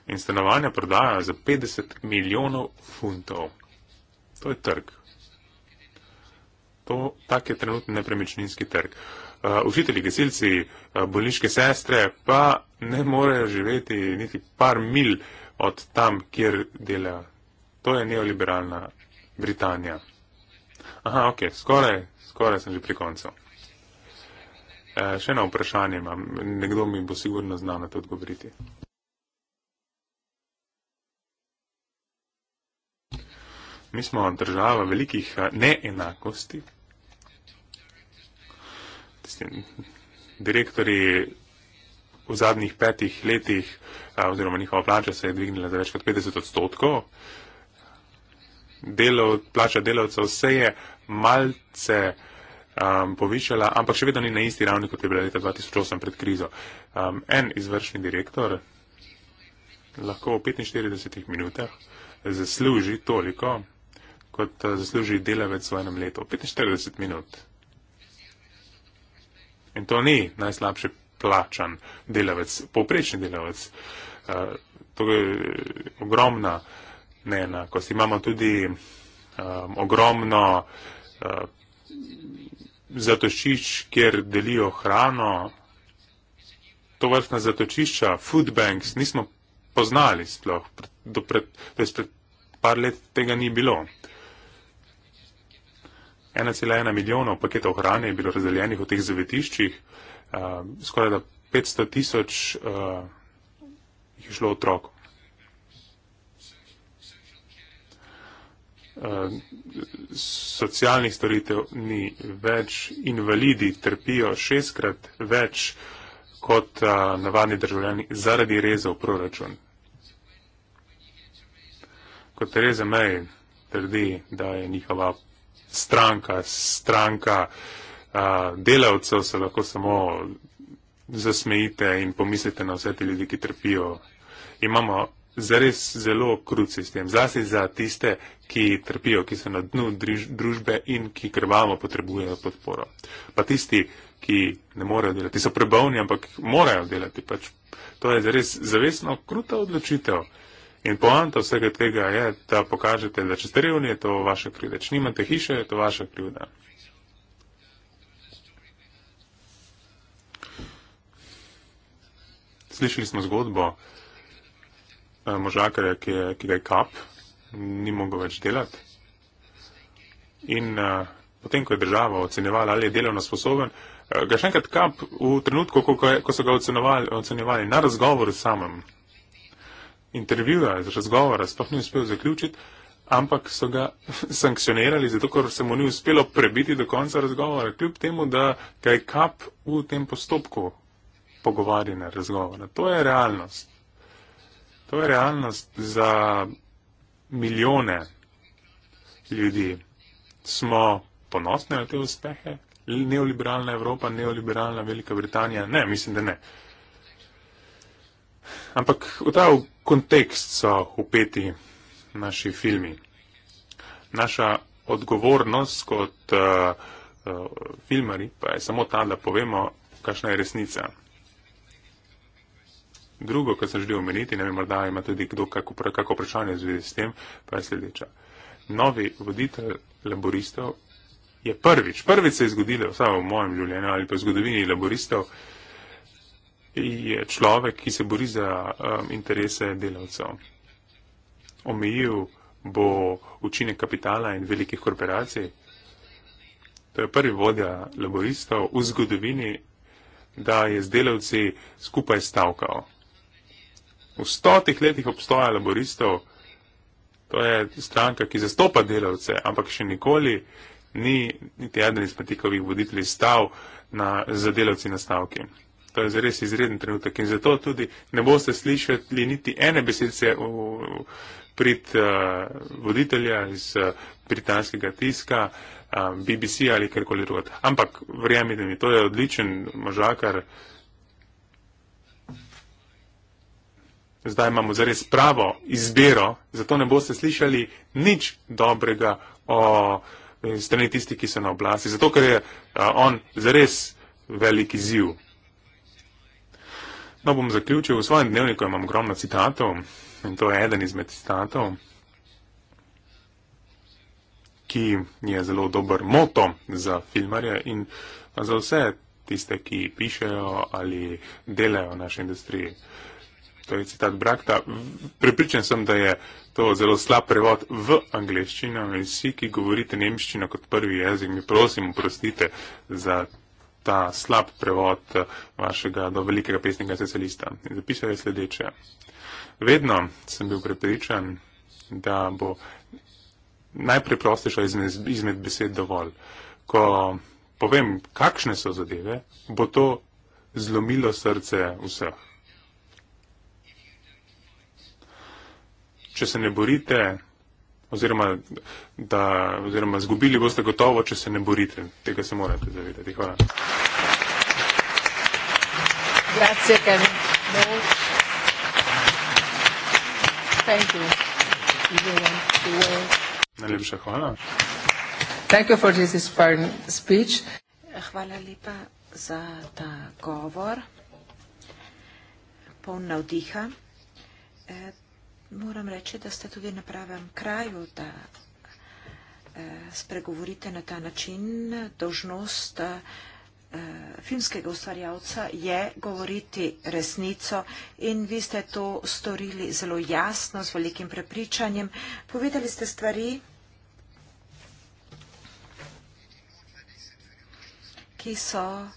In stanovanja prodajajo za 50 milijonov funtov. To je trg. To, tak je trenutni nepremičninski trg. Uh, učitelji, gasilci, uh, bolniške sestre pa ne morejo živeti niti par mil od tam, kjer delajo. To je neoliberalna Britanija. Aha, ok, skoraj, skoraj sem že pri koncu. E, še eno vprašanje imam, nekdo mi bo sigurno znal na to odgovoriti. Mi smo država velikih e, neenakosti. Tistim, direktori v zadnjih petih letih, e, oziroma njihova plača se je dvignila za več kot 50 odstotkov, delov, plača delovcev se je malce um, povišala, ampak še vedno ni na isti ravni, kot je bila leta 2008 pred krizo. Um, en izvršni direktor lahko v 45 minutah zasluži toliko, kot uh, zasluži delavec v enem letu. 45 minut. In to ni najslabše plačan delavec, poprečni delavec. Uh, to je uh, ogromna uh, neenakost. Imamo tudi um, ogromno um, zatočišč, kjer delijo hrano. To vrstna zatočišča, food banks, nismo poznali sploh. Pred, to je pred par let tega ni bilo. 1,1 milijonov paketov hrane je bilo razdeljenih v teh zavetiščih, uh, um, skoraj da 500 tisoč uh, jih je šlo otrokom. Eh, socialnih storitev ni več. Invalidi trpijo šestkrat več kot eh, navadni državljani zaradi reza v proračun. Kot Tereza May trdi, da je njihova stranka, stranka a, eh, delavcev, se lahko samo zasmejite in pomislite na vse te ljudi, ki trpijo. Imamo zares zelo krut sistem, zlasti za tiste, ki trpijo, ki so na dnu družbe in ki krvavo potrebujejo podporo. Pa tisti, ki ne morejo delati, so prebovni, ampak morajo delati. Pač. To je zares zavesno kruta odločitev. In poanta vsega tega je, da pokažete, da če ste revni, je to vaša krivda. Če nimate hiše, je to vaša krivda. Slišali smo zgodbo. Eh, možakarja, ki, ki ga je kap, ni mogel več delati. In uh, potem, ko je država ocenjevala, ali je delovno sposoben, uh, ga še enkrat kap v trenutku, ko, ko so ga ocenjevali, ocenjevali na razgovoru samem. Intervjuja z razgovora sploh ni uspel zaključiti, ampak so ga sankcionirali, zato ker se mu ni uspelo prebiti do konca razgovora, kljub temu, da ga je kap v tem postopku pogovarjanja razgovora. To je realnost. To je realnost za milijone ljudi. Smo ponosni na te uspehe? Neoliberalna Evropa, neoliberalna Velika Britanija? Ne, mislim, da ne. Ampak v ta kontekst so upeti naši filmi. Naša odgovornost kot uh, uh, filmari pa je samo ta, da povemo, kakšna je resnica. Drugo, kar sem želel omeniti, ne vem, morda ima tudi kdo kako, kako vprašanje v zvezi s tem, pa je sledeča. Novi voditelj laboristov je prvič, prvič se je zgodilo, samo v mojem življenju ali pa v zgodovini laboristov, je človek, ki se bori za um, interese delavcev. Omejil bo učinek kapitala in velikih korporacij. To je prvi vodja laboristov v zgodovini, da je z delavci skupaj stavkal. V stotih letih obstoja laboristov, to je stranka, ki zastopa delavce, ampak še nikoli ni niti eden izmed tihovih voditeljev stal na, za delavci na stavki. To je zares izreden trenutek in zato tudi ne boste slišali niti ene besedice prid uh, voditelja iz uh, britanskega tiska, uh, eh, BBC ali karkoli drugega. Ampak verjemite mi, to je odličen možakar. Uh, zdaj imamo zares pravo izbiro, zato ne boste slišali nič dobrega o eh, strani tisti, ki so na oblasti, zato ker je eh, on zares veliki ziv. No, bom zaključil. V svojem dnevniku imam ogromno citatov in to je eden izmed citatov, ki je zelo dober moto za filmarje in za vse tiste, ki pišejo ali delajo v naši industriji. Uh, to je citat Brakta, pripričan sem, da je to zelo slab prevod v angleščino in vsi, ki govorite nemščino kot prvi jezik, mi prosim, oprostite za ta slab prevod eh, vašega do velikega pesnega socialista. Zapisal je sledeče. Vedno sem bil prepričan, da bo najpreprostejša izmed, izmed besed dovolj. Ko povem, kakšne so zadeve, bo to zlomilo srce vseh. če se ne borite, oziroma, da, oziroma zgubili boste gotovo, če se ne borite. Tega se morate zavedati. Hvala. Grazie, Najlepša hvala. Thank you for this inspiring speech. Hvala lepa za ta govor, poln navdiha. Eh, Moram reči, da ste tudi na pravem kraju, da eh, spregovorite na ta način. Dožnost eh, filmskega ustvarjavca je govoriti resnico in vi ste to storili zelo jasno, z velikim prepričanjem. Povedali ste stvari, ki so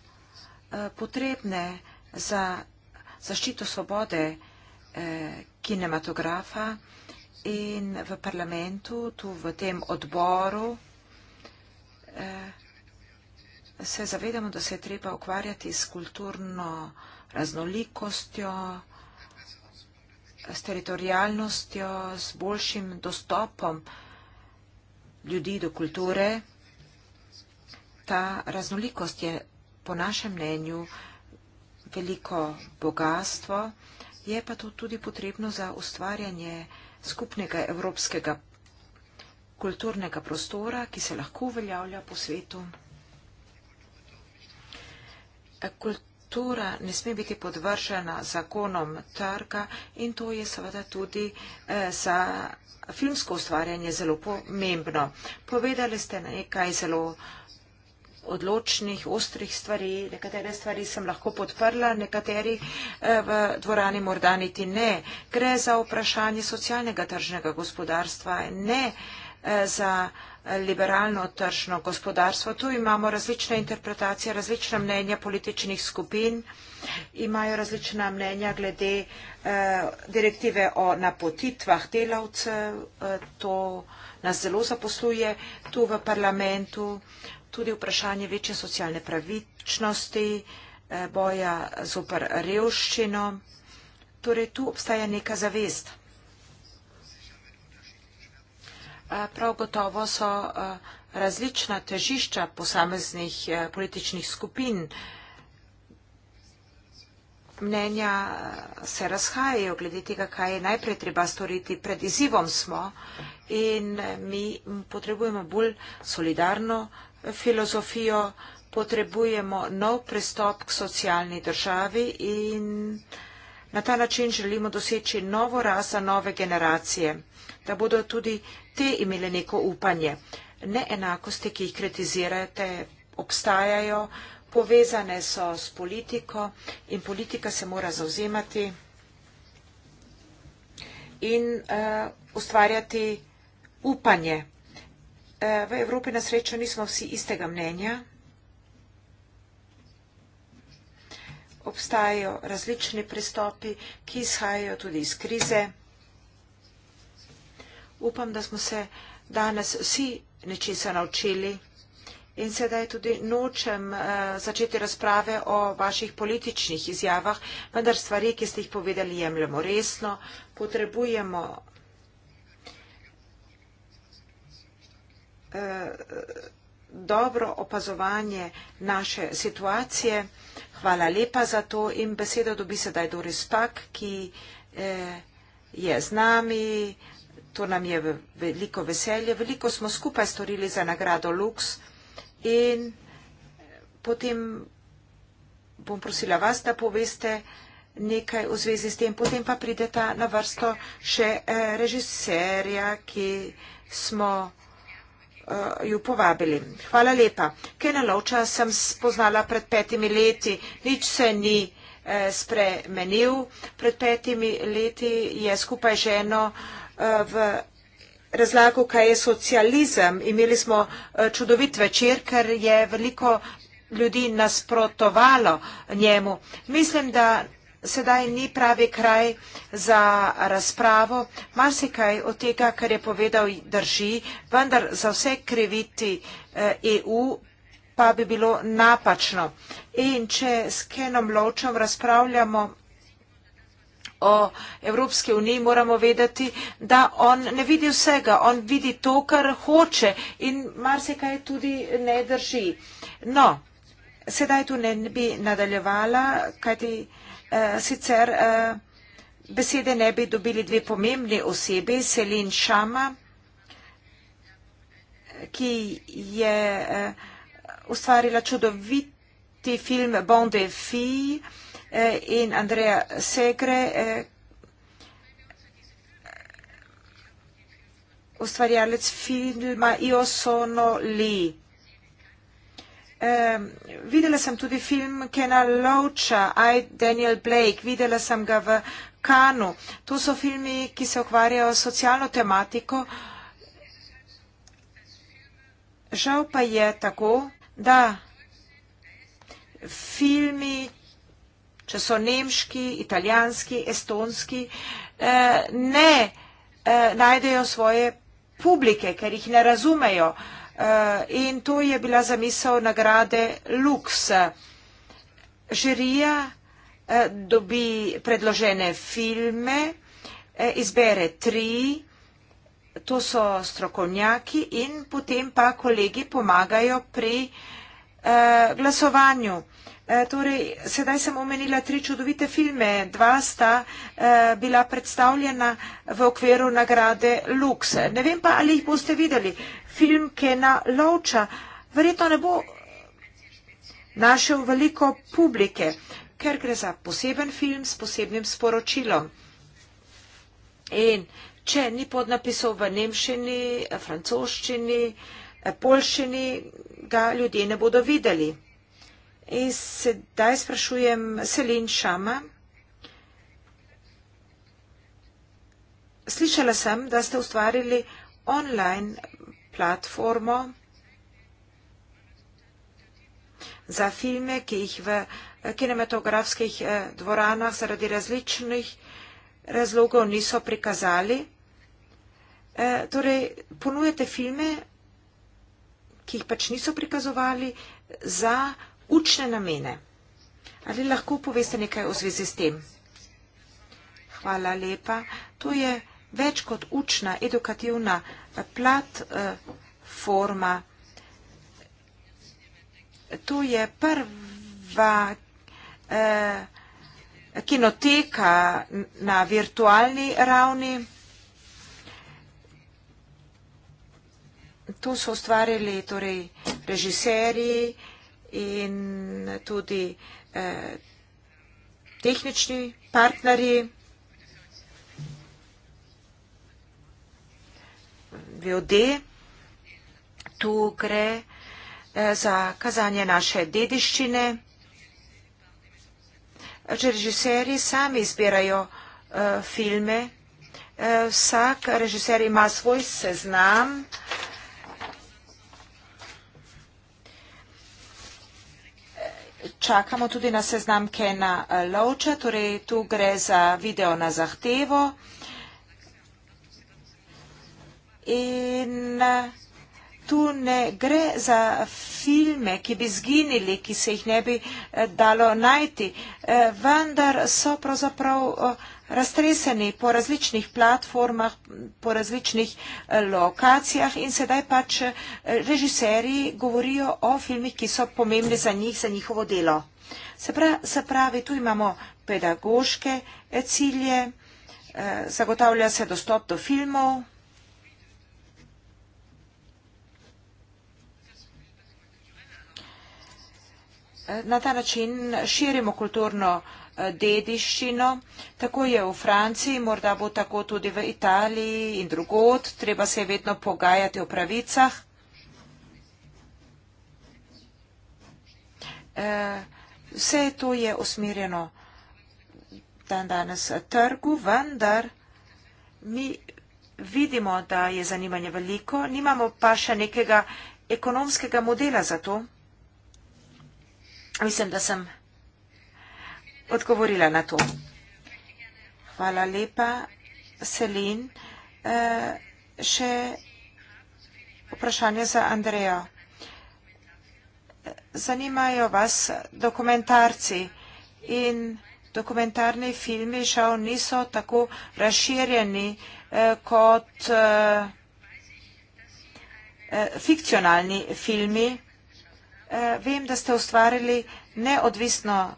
eh, potrebne za zaščito svobode, ki kinematografa in v parlamentu, tu v tem odboru, eh, se zavedamo, da se je treba ukvarjati s kulturno raznolikostjo, s teritorijalnostjo, s boljšim dostopom ljudi do kulture. Ta raznolikost je po našem mnenju veliko bogatstvo je pa to tudi potrebno za ustvarjanje skupnega evropskega kulturnega prostora, ki se lahko uveljavlja po svetu. Kultura ne sme biti podvržena zakonom trga in to je seveda tudi eh, za filmsko ustvarjanje zelo pomembno. Povedali ste nekaj zelo pomembno odločnih, ostrih stvari. Nekatere stvari sem lahko podprla, nekateri eh, v dvorani morda niti ne. Gre za vprašanje socialnega tržnega gospodarstva, ne eh, za liberalno tržno gospodarstvo. Tu imamo različne interpretacije, različna mnenja političnih skupin, imajo različna mnenja glede eh, direktive o napotitvah delavcev. To nas zelo zaposluje tu v parlamentu tudi vprašanje večje socialne pravičnosti, eh, boja z opr revščino. Torej, tu obstaja neka zavest. Eh, prav gotovo so eh, različna težišča posameznih političnih skupin. Mnenja se razhajajo glede tega, kaj je najprej treba storiti. Pred izzivom smo in mi potrebujemo bolj solidarno filozofijo potrebujemo nov pristop k socialni državi in na ta način želimo doseči novo raza nove generacije, da bodo tudi te imele neko upanje. Neenakosti, ki jih kritizirate, obstajajo, povezane so s politiko in politika se mora zauzemati in uh, ustvarjati upanje Eh, v Evropi na srečo nismo vsi istega mnenja. Obstajajo različni pristopi, ki izhajajo tudi iz krize. Upam, da smo se danes vsi nečesa naučili in sedaj tudi nočem eh, začeti razprave o vaših političnih izjavah, vendar stvari, ki ste jih povedali, jemljamo resno, potrebujemo Eh, dobro opazovanje naše situacije. Hvala lepa za to in besedo dobi sedaj Doris Pak, ki eh, je z nami. To nam je veliko veselje. Veliko smo skupaj storili za nagrado Lux in eh, potem bom prosila vas, da poveste nekaj v zvezi s tem. Potem pa prideta na vrsto še eh, režiserja, ki smo uh, ju povabili. Hvala lepa. Kena Lovča sem spoznala pred petimi leti, nič se ni uh, spremenil. Pred petimi leti je skupaj ženo uh, v razlagu, kaj je socializem. Imeli smo uh, čudovit večer, ker je veliko ljudi nasprotovalo njemu. Mislim, da sedaj ni pravi kraj za razpravo. Marsikaj od tega, kar je povedal, drži, vendar za vse kriviti EU eh, e pa bi bilo napačno. In če s Kenom Lovčem razpravljamo o Evropski uniji, moramo vedeti, da on ne vidi vsega, on vidi to, kar hoče in marsikaj tudi ne drži. No, sedaj tu ne bi nadaljevala, kajti. Te... Eh, sicer eh, besede ne bi dobili dve pomembni osebi, Selin Šama, ki je eh, ustvarila čudoviti film Bon Defi in Andreja Segre, ustvarjalec filma Io sono lì videla sem tudi film Kena Loacha, I. Daniel Blake, videla sem ga v Kanu. To so filmi, ki se ukvarjajo s socialno tematiko. Žal pa je tako, da filmi, če so nemški, italijanski, estonski, eh, ne eh, najdejo svoje publike, ker jih ne razumejo. Eh, in to je bila zamisel nagrade Lux. Žirija eh, dobi predložene filme, eh, izbere tri, to so strokovnjaki in potem pa kolegi pomagajo pri glasovanju. Torej, sedaj sem omenila tri čudovite filme, dva sta eh, bila predstavljena v okviru nagrade Lux. Ne vem pa, ali jih boste videli film Kena Lovča. Verjetno ne bo našel veliko publike, ker gre za poseben film s posebnim sporočilom. In če ni podnapisov v nemščini, francoščini, polščini, ga ljudje ne bodo videli. In sedaj sprašujem Selin Šama. Slišala sem, da ste ustvarili online platformo za filme, ki jih v kinematografskih eh, dvoranah zaradi različnih razlogov niso prikazali. Eh, torej, ponujete filme, ki jih pač niso prikazovali za učne namene. Ali lahko poveste nekaj v zvezi s tem? Hvala lepa. To je več kot učna, edukativna platforma. Eh, tu je prva eh, kinoteka na virtualni ravni. Tu so ustvarili torej, režiserji in tudi eh, tehnični partnerji. VOD. Tu gre eh, za kazanje naše dediščine. Režiserji sami izbirajo eh, filme. Eh, vsak režiser ima svoj seznam. Čakamo tudi na seznamke na Lovča, torej tu gre za video na zahtevo. In eh, tu ne gre za filme, ki bi zginili, ki se jih ne bi eh, dalo najti, eh, vendar so pravzaprav raztreseni po različnih platformah, po različnih lokacijah in sedaj pač režiserji govorijo o filmih, ki so pomembni za njih, za njihovo delo. Se pravi, se pravi tu imamo pedagoške cilje, zagotavlja se dostop do filmov. na ta način širimo kulturno eh, dediščino. Tako je v Franciji, morda bo tako tudi v Italiji in drugod. Treba se vedno pogajati o pravicah. Eh, vse to je usmerjeno dan danes trgu, vendar mi vidimo, da je zanimanje veliko. Nimamo pa še nekega ekonomskega modela za to. Mislim, da sem odgovorila na to. Hvala lepa, Selin. Eh, še vprašanje za Andrejo. Zanimajo vas dokumentarci in dokumentarni filmi žal niso tako razširjeni eh, kot eh, fikcionalni filmi. Eh, vem, da ste ustvarili neodvisno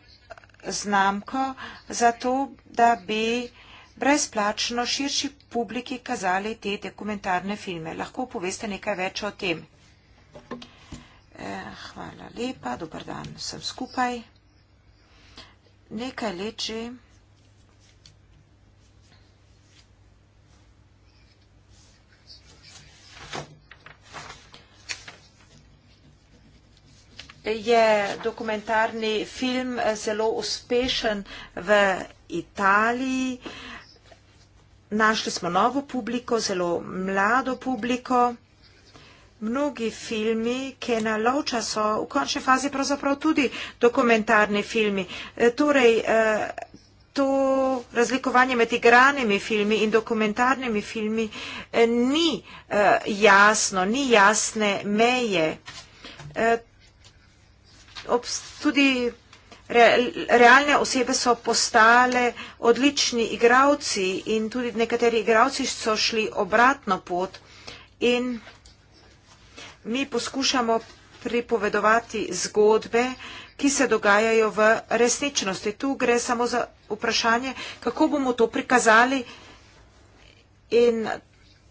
znamko za to, da bi brezplačno širši publiki kazali te dokumentarne filme. Lahko poveste nekaj več o tem. Eh, hvala lepa, dober dan vsem skupaj. Nekaj let že. je dokumentarni film eh, zelo uspešen v Italiji. Našli smo novo publiko, zelo mlado publiko. Mnogi filmi, ki na lovča so v končni fazi pravzaprav tudi dokumentarni filmi. Eh, torej, eh, to razlikovanje med igranimi filmi in dokumentarnimi filmi ni jasno, ni jasne meje ob, tudi re, realne osebe so postale odlični igravci in tudi nekateri igravci so šli obratno pot in mi poskušamo pripovedovati zgodbe, ki se dogajajo v resničnosti. Tu gre samo za vprašanje, kako bomo to prikazali in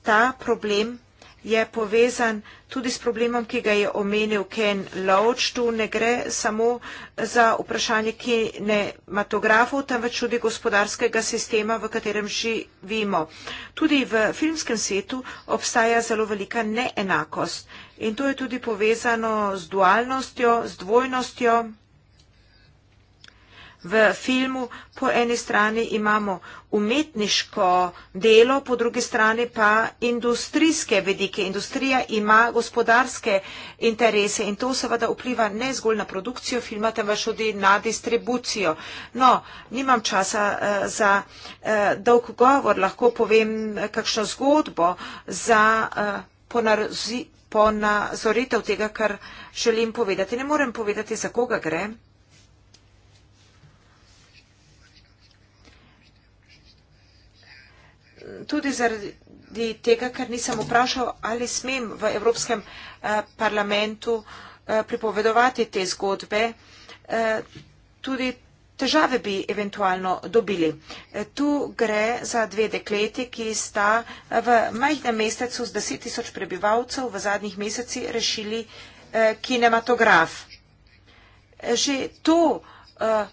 ta problem je povezan tudi s problemom, ki ga je omenil Ken Loach. Tu ne gre samo za vprašanje kinematografov, temveč tudi gospodarskega sistema, v katerem živimo. Tudi v filmskem svetu obstaja zelo velika neenakost in to je tudi povezano z dualnostjo, z dvojnostjo v filmu. Po eni strani imamo umetniško delo, po drugi strani pa industrijske vedike. Industrija ima gospodarske interese in to seveda vpliva ne zgolj na produkcijo filma, temveč tudi na distribucijo. No, nimam časa uh, za uh, dolg govor, lahko povem kakšno zgodbo za uh, eh, ponarzi ponazoritev tega, kar želim povedati. Ne morem povedati, za koga gre. tudi zaradi tega, ker nisem vprašal, ali smem v Evropskem eh, parlamentu eh, pripovedovati te zgodbe, eh, tudi težave bi eventualno dobili. Tu gre za dve dekleti, ki sta v majhnem mesecu z 10 tisoč prebivalcev v zadnjih meseci rešili kinematograf. Že to uh,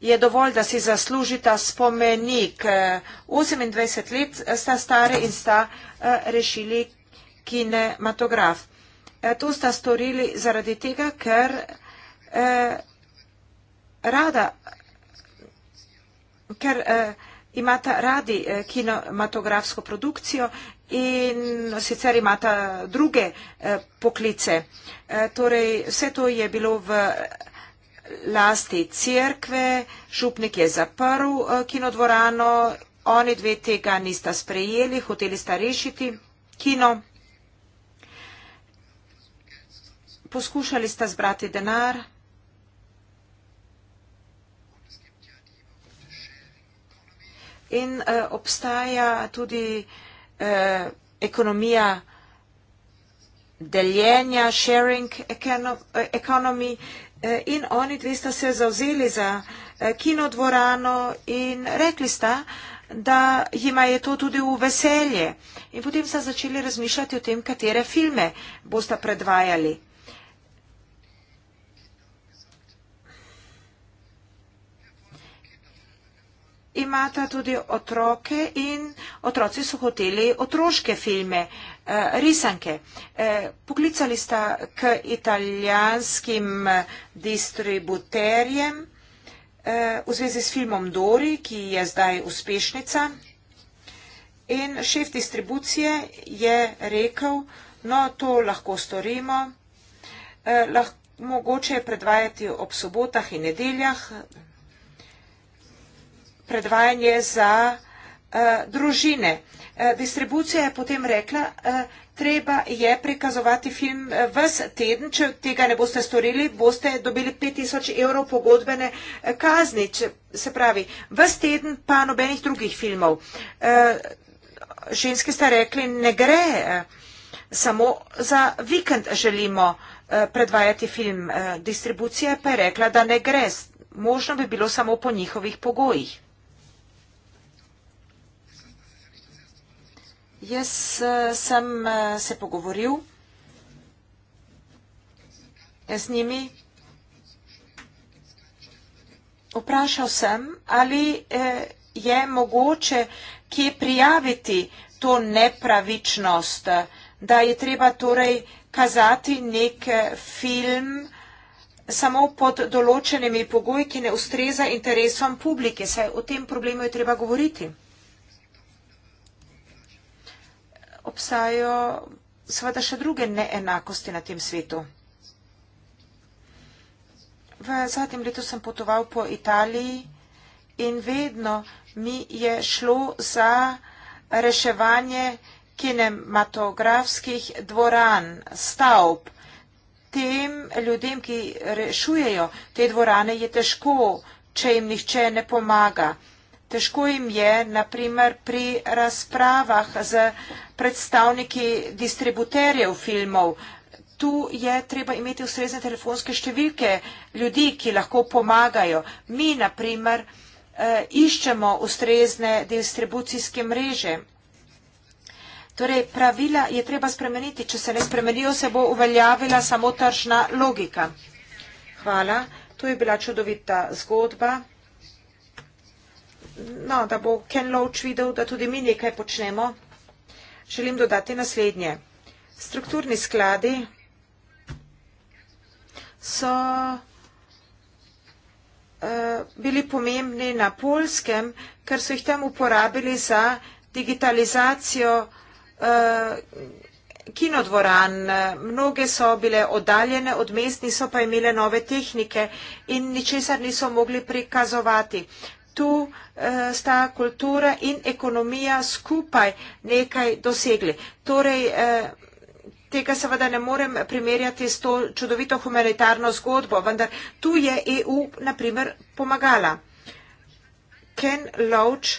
je dovolj, da si zaslužita spomenik. 28 let sta stare in sta eh, rešili kinematograf. Eh, to sta storili zaradi tega, ker eh, rada, ker eh, imata radi eh, kinematografsko produkcijo in sicer imata druge eh, poklice. Eh, torej, vse to je bilo v lasti crkve, župnik je zaprl eh, kinodvorano, oni dve tega nista sprejeli, hoteli sta rešiti kino. Poskušali sta zbrati denar. In uh, obstaja tudi uh, ekonomija deljenja, sharing economy, E, in oni dve sta se zauzeli za e, kinodvorano in rekli sta, da jima je to tudi v veselje. In potem sta začeli razmišljati o tem, katere filme bosta predvajali. imata tudi otroke in otroci so hoteli otroške filme, eh, risanke. Eh, poklicali sta k italijanskim eh, distributerjem v zvezi s filmom Dori, ki je zdaj uspešnica. In šef distribucije je rekel, no, to lahko storimo, eh, lahko, mogoče je predvajati ob sobotah in nedeljah, predvajanje za uh, družine. Uh, distribucija je potem rekla, uh, treba je prikazovati film uh, vs teden, če tega ne boste storili, boste dobili 5000 evrov pogodbene uh, kazni, če, se pravi, vs teden pa nobenih drugih filmov. Uh, ženske sta rekli, ne gre, uh, samo za vikend želimo uh, predvajati film. Uh, distribucija pa je rekla, da ne gre. Možno bi bilo samo po njihovih pogojih. Jaz eh, sem eh, se pogovoril eh, z njimi. Vprašal sem, ali je mogoče kje prijaviti to nepravičnost, da je treba torej kazati nek film samo pod določenimi pogoji, ki ne ustreza interesom publike. Saj o tem problemu je treba govoriti. obstajajo seveda še druge neenakosti na tem svetu. V zadnjem letu sem potoval po Italiji in vedno mi je šlo za reševanje kinematografskih dvoran, stavb. Tem ljudem, ki rešujejo te dvorane, je težko, če jim nihče ne pomaga težko jim je, naprimer, pri razpravah z predstavniki distributerjev filmov. Tu je treba imeti ustrezne telefonske številke ljudi, ki lahko pomagajo. Mi, naprimer, eh, iščemo ustrezne distribucijske mreže. Torej, pravila je treba spremeniti. Če se ne spremenijo, se bo uveljavila samo tržna logika. Hvala. To je bila čudovita zgodba no, da bo Ken Loach videl, da tudi mi nekaj počnemo, želim dodati naslednje. Strukturni skladi so uh, bili pomembni na polskem, ker so jih tam uporabili za digitalizacijo uh, kinodvoran. Mnoge so bile oddaljene od mest, niso pa imele nove tehnike in ničesar niso mogli prikazovati tu uh, sta kultura in ekonomija skupaj nekaj dosegli. Torej, uh, Tega seveda ne morem primerjati s to čudovito humanitarno zgodbo, vendar tu je EU, naprimer, pomagala. Ken Loach,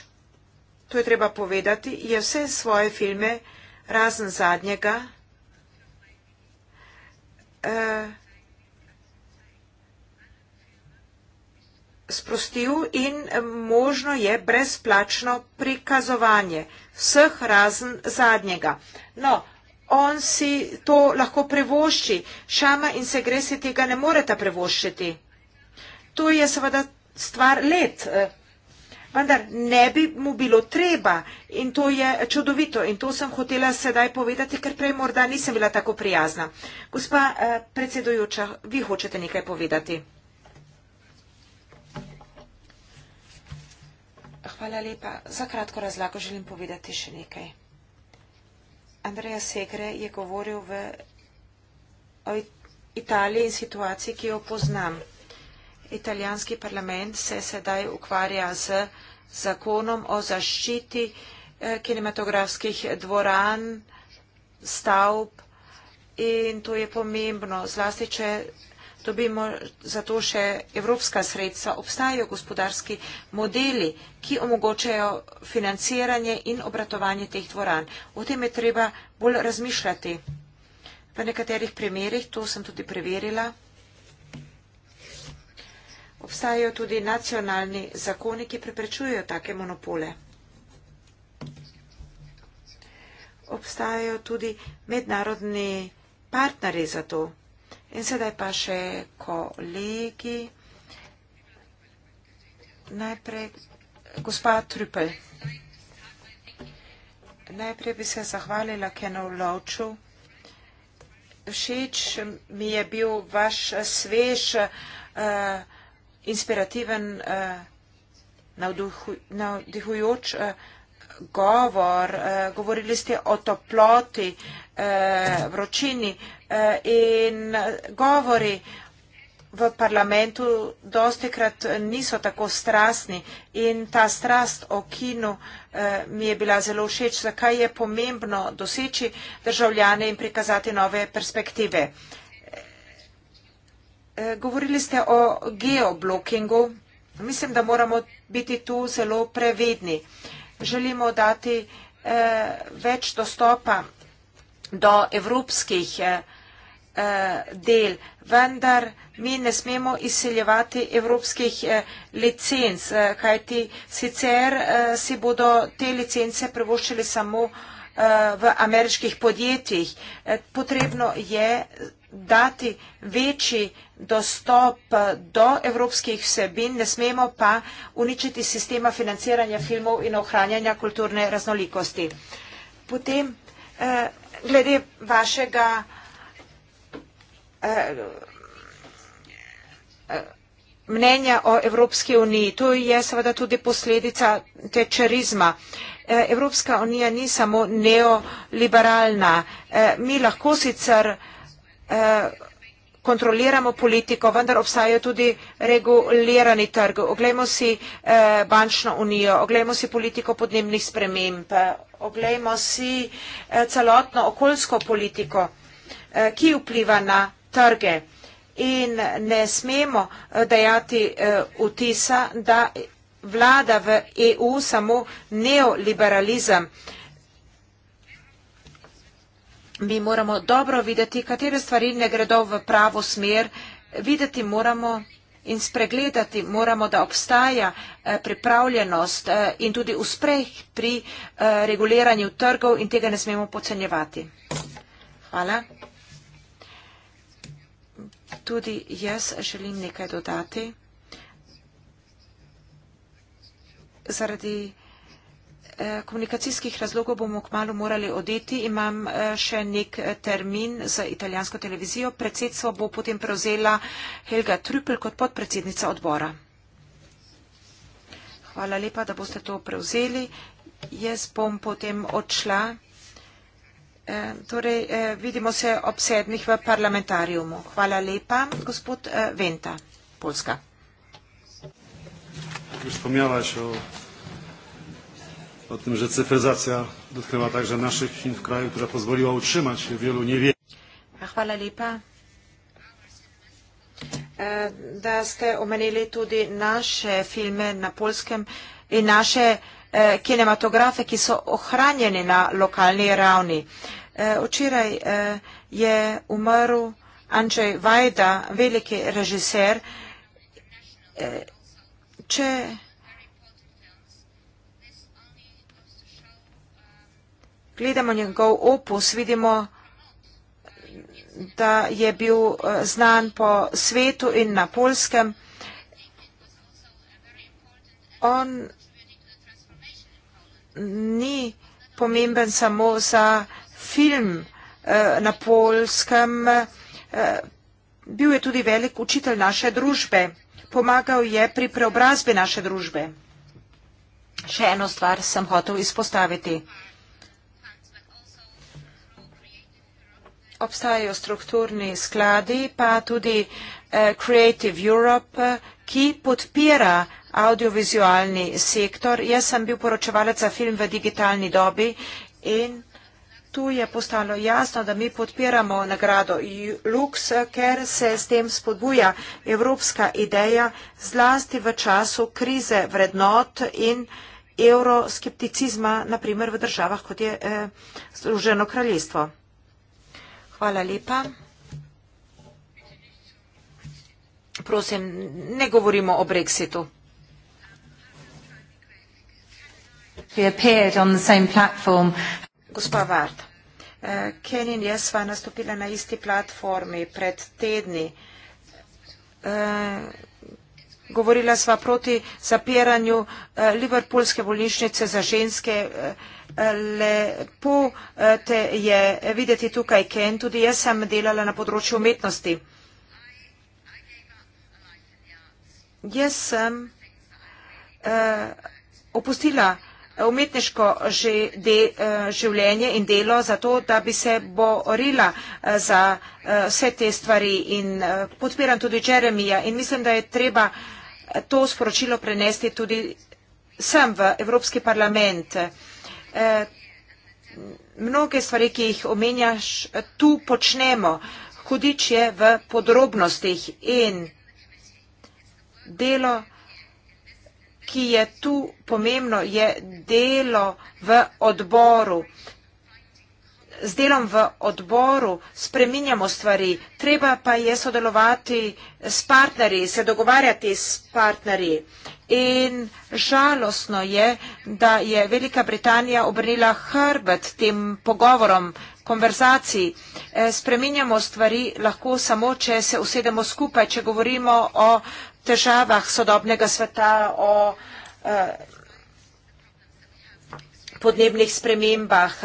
to je treba povedati, je vse svoje filme, razen zadnjega, eh, sprostil in eh, možno je brezplačno prikazovanje vseh razen zadnjega. No, on si to lahko prevošči, šama in se gre si tega ne moreta prevoščiti. To je seveda stvar let, eh, vendar ne bi mu bilo treba in to je čudovito in to sem hotela sedaj povedati, ker prej morda nisem bila tako prijazna. Gospa eh, predsedujoča, vi hočete nekaj povedati. hvala lepa. Za kratko razlago želim povedati še nekaj. Andreja Segre je govoril v, o Italiji in situaciji, ki jo poznam. Italijanski parlament se sedaj ukvarja z zakonom o zaščiti eh, kinematografskih dvoran, stavb in to je pomembno, zlasti če dobimo za to še evropska sredstva. Obstajajo gospodarski modeli, ki omogočajo financiranje in obratovanje teh dvoran. O tem je treba bolj razmišljati. V nekaterih primerjih, to sem tudi preverila, obstajajo tudi nacionalni zakoni, ki preprečujejo take monopole. Obstajajo tudi mednarodni partnerji za to. In sedaj pa še kolegi. Najprej gospa Trupel. Najprej bi se zahvalila Kenu Lovču. Všeč mi je bil vaš svež, uh, inspirativen, uh, navdihujoč. Uh, govor, eh, govorili ste o toploti, eh, vročini eh, in govori v parlamentu dosti krat niso tako strastni in ta strast o kinu mi je bila zelo všeč, zakaj je pomembno doseči državljane in prikazati nove perspektive. Govorili ste o geoblockingu, mislim, da moramo biti tu zelo previdni želimo dati eh, več dostopa do evropskih eh, eh, del, vendar mi ne smemo izseljevati evropskih licenc, kajti sicer si bodo te licence prevoščili samo v ameriških podjetjih. Potrebno je dati večji dostop do evropskih vsebin, ne smemo pa uničiti sistema financiranja filmov in ohranjanja kulturne raznolikosti. Potem, eh, glede vašega eh, eh mnenja o Evropski uniji, to je seveda tudi posledica tečerizma. Eh, Evropska unija ni samo neoliberalna. Eh, mi lahko sicer eh, Eh, kontroliramo politiko, vendar obstajajo tudi regulirani trg. Oglejmo si eh, bančno unijo, oglejmo si politiko podnebnih sprememb, oglejmo si eh, celotno okoljsko politiko, eh, ki vpliva na trge. In ne smemo eh, dajati eh, vtisa, da vlada v EU samo neoliberalizem. Eh, mi moramo dobro videti, katere stvari ne gredo v pravo smer, videti moramo in spregledati moramo, da obstaja eh, pripravljenost eh, in tudi uspeh pri eh, reguliranju trgov in tega ne smemo pocenjevati. Hvala. Tudi jaz želim nekaj dodati. Zaradi Eh, komunikacijskih razlogov bomo kmalo morali odeti. Imam eh, še nek eh, termin z italijansko televizijo. Predsedstvo bo potem prevzela Helga Trüppel kot podpredsednica odbora. Hvala lepa, da boste to prevzeli. Jaz bom potem odšla. Torej, vidimo se ob sedmih v parlamentarijumu. Hvala lepa, gospod Venta, Poljska. Gospod Mjavaš, o tym, że cyfryzacja dotknęła także naszych Chin w kraju, która pozwoliła utrzymać się wielu niewielkich. Hvala lepa. E, da ste omenili tudi naše filme na polskem in naše e, kinematografe, ki so ohranjeni na lokalni ravni. E, včeraj je umrl Andrzej Vajda, veliki režiser. Če gledamo njegov opus, vidimo, da je bil eh, znan po svetu in na polskem. On ni pomemben samo za film eh, na polskem, eh, bil je tudi velik učitelj naše družbe, pomagal je pri preobrazbi naše družbe. Še eno stvar sem hotel izpostaviti. obstajajo strukturni skladi, pa tudi eh, Creative Europe, ki podpira audiovizualni sektor. Jaz sem bil poročevalec za film v digitalni dobi in tu je postalo jasno, da mi podpiramo nagrado Lux, ker se s tem spodbuja evropska ideja zlasti v času krize vrednot in euroskepticizma, naprimer v državah, kot je eh, Združeno kraljestvo. Hvala lepa. Prosim, ne govorimo o Brexitu. Gospa Vard, eh, Ken in jaz sva nastopila na isti platformi pred tedni. Eh, govorila sva proti zapiranju eh, Liverpoolske bolnišnice za ženske vsega Lepo eh, te je videti tukaj, Ken. Tudi jaz sem delala na področju umetnosti. Jaz sem uh, opustila umetniško že de, uh, življenje in delo zato, da bi se borila uh, za uh, vse te stvari in uh, podpiram tudi Jeremija in mislim, da je treba to sporočilo prenesti tudi sem v Evropski parlament. Uh, Eh, mnoge stvari, ki jih omenjaš, eh, tu počnemo. Hudič je v podrobnostih in delo, ki je tu pomembno, je delo v odboru z delom v odboru spreminjamo stvari, treba pa je sodelovati s partnerji, se dogovarjati s partnerji. In žalostno je, da je Velika Britanija obrnila hrbet tem pogovorom, konverzaciji. E, spreminjamo stvari lahko samo, če se usedemo skupaj, če govorimo o težavah sodobnega sveta, o e, podnebnih spremembah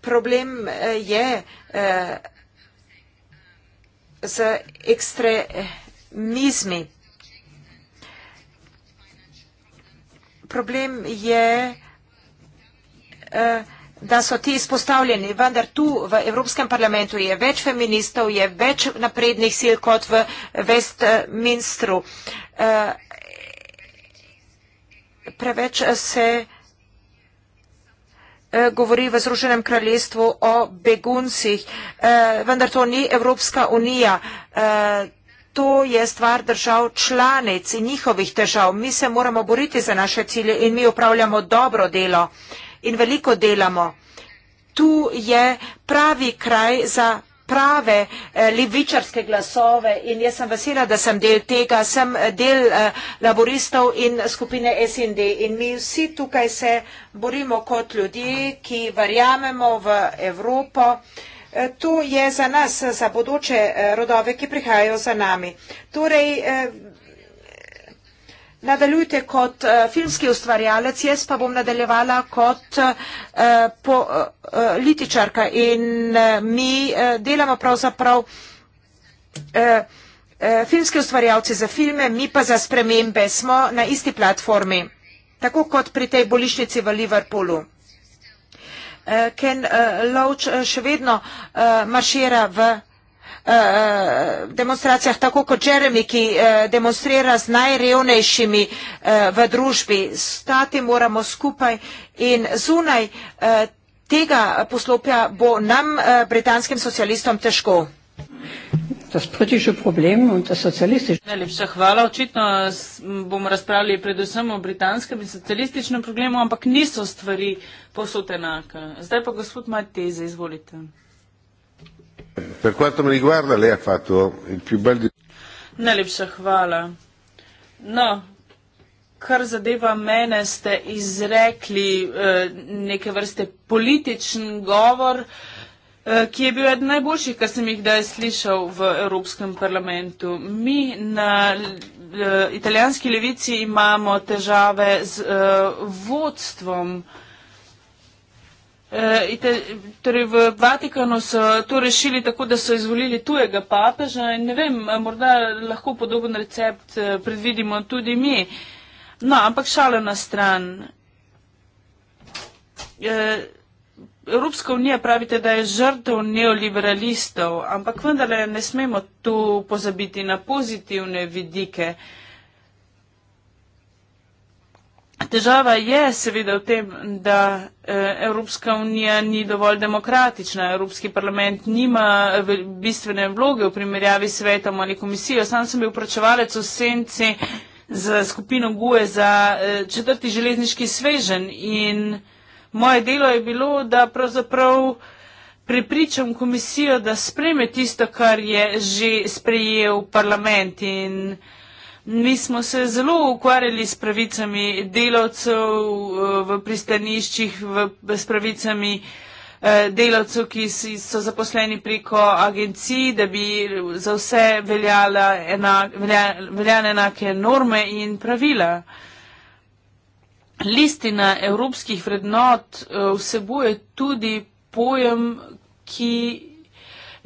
problem eh, je eh, z ekstremizmi. Problem je, eh, da so ti izpostavljeni, vendar tu v Evropskem parlamentu je več feministov, je več naprednih sil kot v Westminstru. Preveč se Eh, govori v Združenem kraljestvu o beguncih, eh, vendar to ni Evropska unija. Eh, to je stvar držav članic in njihovih težav. Mi se moramo boriti za naše cilje in mi upravljamo dobro delo in veliko delamo. Tu je pravi kraj za prave eh, levičarske glasove in jaz sem vesela, da sem del tega, sem eh, del eh, laboristov in skupine SND in mi vsi tukaj se borimo kot ljudje, ki verjamemo v Evropo. To je za nas, za bodoče rodove, ki prihajajo za nami. Torej, nadaljujte kot uh, filmski ustvarjalec, jaz pa bom nadaljevala kot uh, eh, političarka eh, in uh, mi uh, delamo pravzaprav uh, Filmski ustvarjalci za filme, mi pa za spremembe smo na isti platformi, tako kot pri tej bolišnici v Liverpoolu. Ken Loach še vedno marširja v Eh, eh, demonstracijah, tako kot Jeremy, ki eh, demonstrira z najrevnejšimi v družbi. Stati moramo skupaj in zunaj tega poslopja bo nam, britanskim socialistom, težko. Najlepša hvala. Očitno bomo razpravljali predvsem o britanskem in socialističnem problemu, ampak niso stvari posutenake. Zdaj pa gospod Matej, izvolite. Per quanto mi riguarda, lei ha fatto il più bel discorso. Najlepša hvala. No, kar zadeva mene, ste izrekli eh, neke vrste političen govor, eh, ki je bil eden najboljših, kar sem jih kdaj slišal v Evropskem parlamentu. Mi na eh, italijanski levici imamo težave z eh, vodstvom. Eh, ite, torej v Vatikanu so to rešili tako, da so izvolili tujega papeža in ne vem, morda lahko podoben recept eh, predvidimo tudi mi. No, ampak šalo na stran. Eh, Evropska unija pravite, da je žrtev neoliberalistov, ampak vendarle ne smemo tu pozabiti na pozitivne vidike. E, Težava je seveda v tem, da eh, Evropska unija ni dovolj demokratična, Evropski parlament nima eh, bistvene vloge v primerjavi s svetom ali komisijo. Sam sem bil vprašovalec v senci za skupino GUE za eh, četrti železniški svežen in moje delo je bilo, da pravzaprav prepričam komisijo, da spreme tisto, kar je že sprejel parlament. In, uh, Mi smo se zelo ukvarjali s pravicami delavcev eh, v pristaniščih, v, s pravicami eh, delavcev, ki so zaposleni preko agencij, da bi za vse veljale enak, velja, enake norme in pravila. Listina evropskih vrednot eh, vsebuje tudi pojem, ki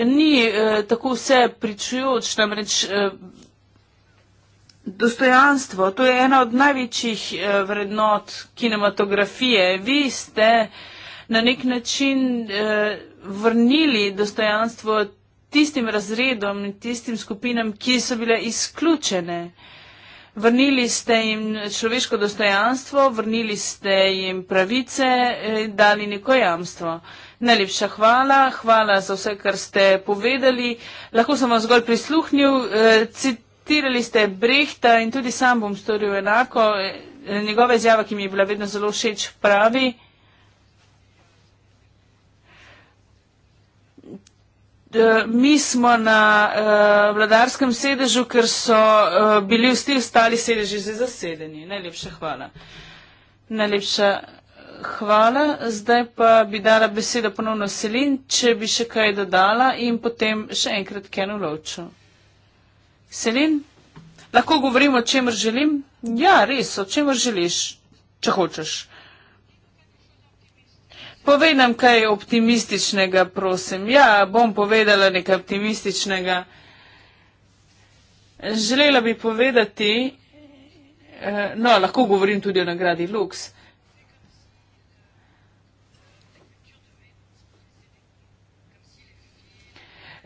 ni eh, tako vse pričujoč, namreč eh, Dostojanstvo, to je ena od največjih eh, vrednot kinematografije. Vi ste na nek način eh, vrnili dostojanstvo tistim razredom in tistim skupinam, ki so bile izključene. Vrnili ste jim človeško dostojanstvo, vrnili ste jim pravice, eh, dali neko jamstvo. Najlepša hvala, hvala za vse, kar ste povedali. Lahko sem vam zgolj prisluhnil. Eh, citirali ste Brehta in tudi sam bom storil enako. E, njegova izjava, ki mi je bila vedno zelo všeč, pravi, da e, mi smo na uh, vladarskem sedežu, ker so uh, bili vsi ostali sedeži že zasedeni. Najlepša hvala. Najlepša hvala. Zdaj pa bi dala besedo ponovno Selin, če bi še kaj dodala in potem še enkrat Kenu Lovču. Selen, lahko govorim o čemer želim? Ja, res, o čemer želiš, če hočeš. Povej nam kaj optimističnega, prosim. Ja, bom povedala nekaj optimističnega. Želela bi povedati, eh, no, lahko govorim tudi o nagradi Lux.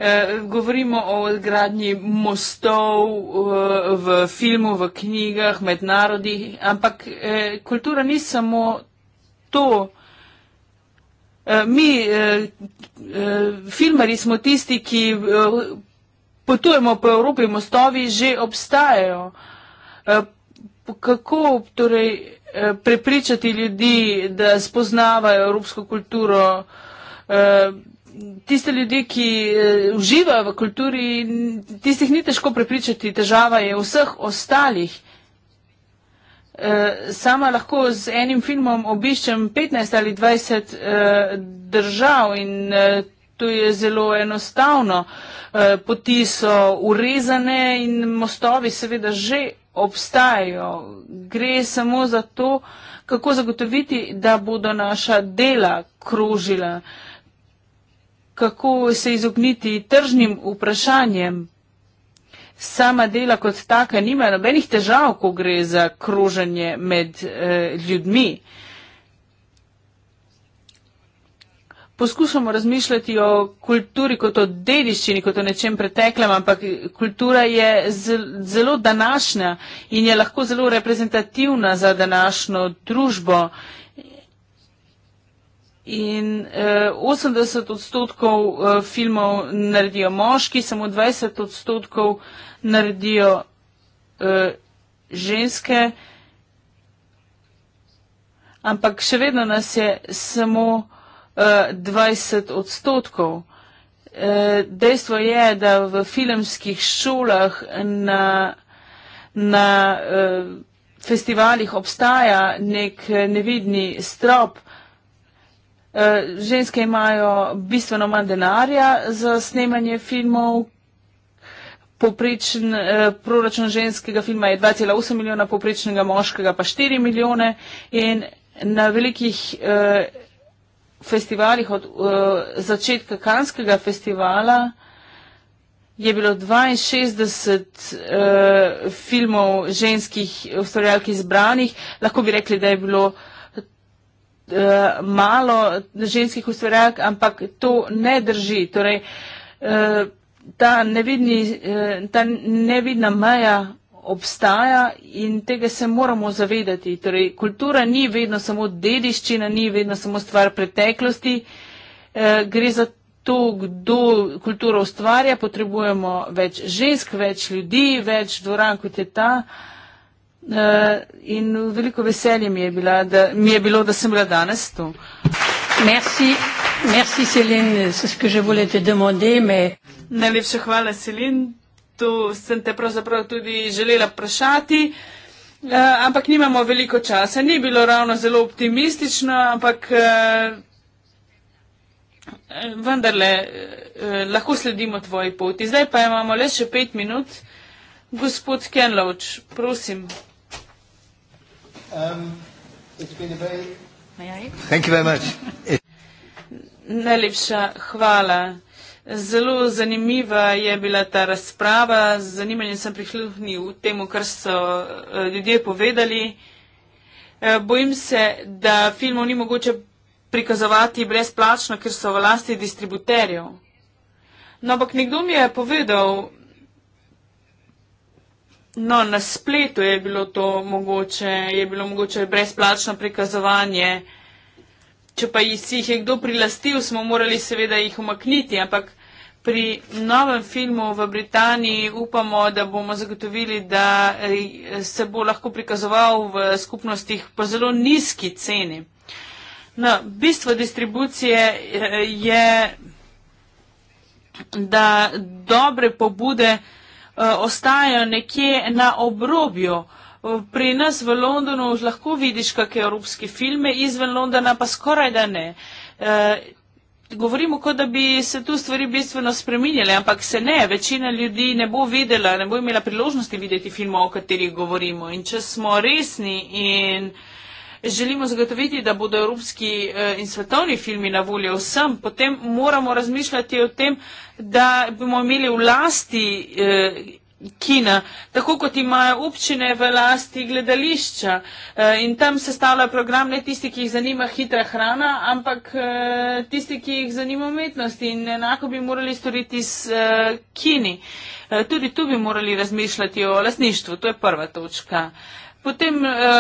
Eh, govorimo o gradnji mostov eh, v filmu, v knjigah, med narodi, ampak eh, kultura ni samo to. Mi, filmari, smo tisti, ki potujemo po Evropi, mostovi že obstajajo. Kako torej, prepričati ljudi, da spoznavajo evropsko kulturo? tiste ljudi, ki uh, uživajo v kulturi, tistih ni težko prepričati, težava je vseh ostalih. Uh, sama lahko z enim filmom obiščem 15 ali 20 uh, eh, držav in uh, to je zelo enostavno. Uh, poti so urezane in mostovi seveda že obstajajo. Gre samo za to, kako zagotoviti, da bodo naša dela krožila. Uh, kako se izogniti tržnim vprašanjem. Sama dela kot taka nima nobenih težav, ko gre za kroženje med eh, ljudmi. Poskušamo razmišljati o kulturi kot o dediščini, kot o nečem preteklem, ampak kultura je zelo današnja in je lahko zelo reprezentativna za današnjo družbo. Eh, In eh, 80 odstotkov eh, filmov naredijo moški, samo 20 odstotkov naredijo eh, ženske, ampak še vedno nas je samo eh, 20 odstotkov. Eh, dejstvo je, da v filmskih šolah na, na eh, festivalih obstaja nek eh, nevidni strop, Eh, ženske imajo bistveno manj denarja za snemanje filmov. Poprečen eh, proračun ženskega filma je 2,8 milijona, poprečnega moškega pa 4 milijone in na velikih eh, festivalih od eh, začetka Kanskega festivala je bilo 62 eh, filmov ženskih ustvarjalk izbranih. Lahko bi rekli, da je bilo eh, Eh, malo ženskih ustvarjalk, ampak to ne drži. Torej, eh, ta, nevidni, eh, ta nevidna meja obstaja in tega se moramo zavedati. Torej, kultura ni vedno samo dediščina, ni vedno samo stvar preteklosti. Gre za to, kdo kulturo ustvarja, potrebujemo več žensk, več ljudi, več dvoran kot je ta. Uh, in veliko veselje mi je, bila, da, mi je bilo, da sem bila danes tu. Merci. Merci, Céline, Najlepša hvala, Selin. To sem te pravzaprav tudi želela vprašati. Uh, ampak nimamo veliko časa. Ni bilo ravno zelo optimistično, ampak uh, vendarle uh, lahko sledimo tvoji poti. Zdaj pa imamo le še pet minut. Gospod Kenlovč, prosim. Um, it's been a very... Thank you very much. Najlepša hvala. Zelo zanimiva je bila ta razprava. Z zanimanjem sem prihluhnil temu, kar so eh, ljudje povedali. Eh, bojim se, da filmov ni mogoče prikazovati brezplačno, ker so v lasti distributerjev. No, ampak nekdo mi je povedal, No, na spletu je bilo to mogoče, je bilo mogoče brezplačno prikazovanje. Če pa si jih je kdo prilastil, smo morali seveda jih umakniti, ampak pri novem filmu v Britaniji upamo, da bomo zagotovili, da eh, se bo lahko prikazoval v skupnostih po zelo nizki ceni. No, bistvo distribucije eh, je, da dobre pobude. Eh, ostajajo nekje na obrobju. Pri nas v Londonu lahko vidiš kakšne evropske filme, izven Londona pa skoraj da ne. Eh, govorimo, kot da bi se tu stvari bistveno spreminjale, ampak se ne. Večina ljudi ne bo videla, ne bo imela priložnosti videti filmov, o katerih govorimo. In če smo resni in želimo zagotoviti, da bodo evropski eh, in svetovni filmi na voljo vsem, potem moramo razmišljati o tem, da bomo imeli v lasti eh, kina, tako kot imajo občine v lasti gledališča eh, in tam se stavlja program ne tisti, ki jih zanima hitra hrana, ampak tisti, ki jih zanima umetnost in enako bi morali storiti s kini. Tudi tu bi morali razmišljati o lasništvu, to je prva točka. Potem eh,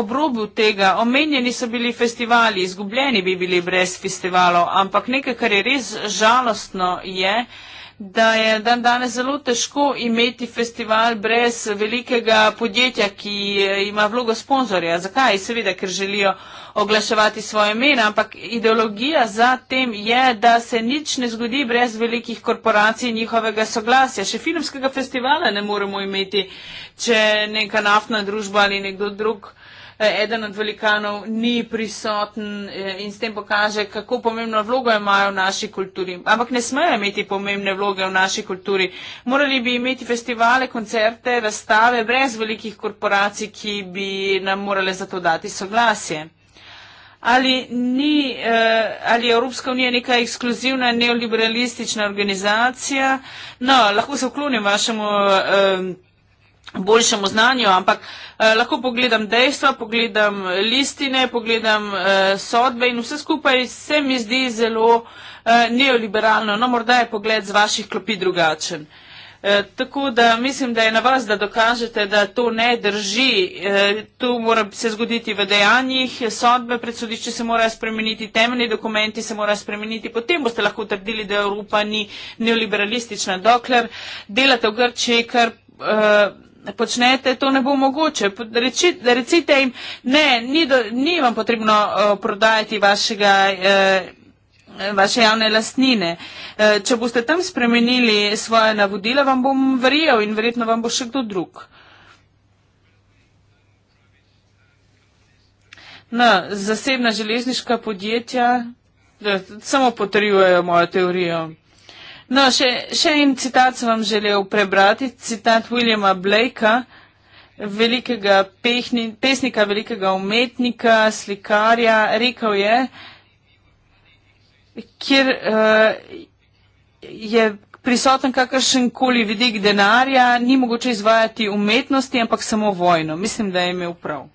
obrobju tega, omenjeni so bili festivali, izgubljeni bi bili brez festivalov, ampak nekaj, kar je res žalostno, je, eh, da je dan danes zelo težko imeti festival brez velikega podjetja, ki eh, ima vlogo sponzorja. Zakaj? Seveda, ker želijo oglaševati svoje imena, ampak ideologija za tem je, da se nič ne zgodi brez velikih korporacij in njihovega soglasja. Še filmskega festivala ne moremo imeti, če neka naftna družba ali nekdo drug uh, Eh, eden od velikanov ni prisoten eh, in s tem pokaže, kako pomembno vlogo imajo v naši kulturi. Ampak ne smejo imeti pomembne vloge v naši kulturi. Morali bi imeti festivale, koncerte, razstave brez velikih korporacij, ki bi nam morale za to dati soglasje. Ali, ni, eh, ali je Evropska unija neka ekskluzivna neoliberalistična organizacija? No, lahko se oklonim vašemu. Um, boljšemu znanju, ampak eh, lahko pogledam dejstva, pogledam listine, pogledam eh, sodbe in vse skupaj se mi zdi zelo eh, neoliberalno. No, morda je pogled z vaših klopi drugačen. Eh, tako da mislim, da je na vas, da dokažete, da to ne drži. Eh, to mora se zgoditi v dejanjih, sodbe pred sodišče se morajo spremeniti, temeljni dokumenti se morajo spremeniti. Potem boste lahko trdili, da Evropa ni neoliberalistična, dokler delate v Grčiji, kar. Eh, počnete, to ne bo mogoče. Reči, recite jim, ne, ni, do, ni vam potrebno uh, prodajati vašega. Uh, vaše javne lastnine. E, če boste tam spremenili svoje navodila, vam bom verjel in verjetno vam bo še kdo drug. No, zasebna železniška podjetja samo potrjujejo mojo teorijo. No, še, še en citat vam želel prebrati, citat Williama Blakea, velikega pehni, pesnika, velikega umetnika, slikarja. Rekel je, kjer uh, je prisoten kakršen koli vidik denarja, ni mogoče izvajati umetnosti, ampak samo vojno. Mislim, da je imel prav.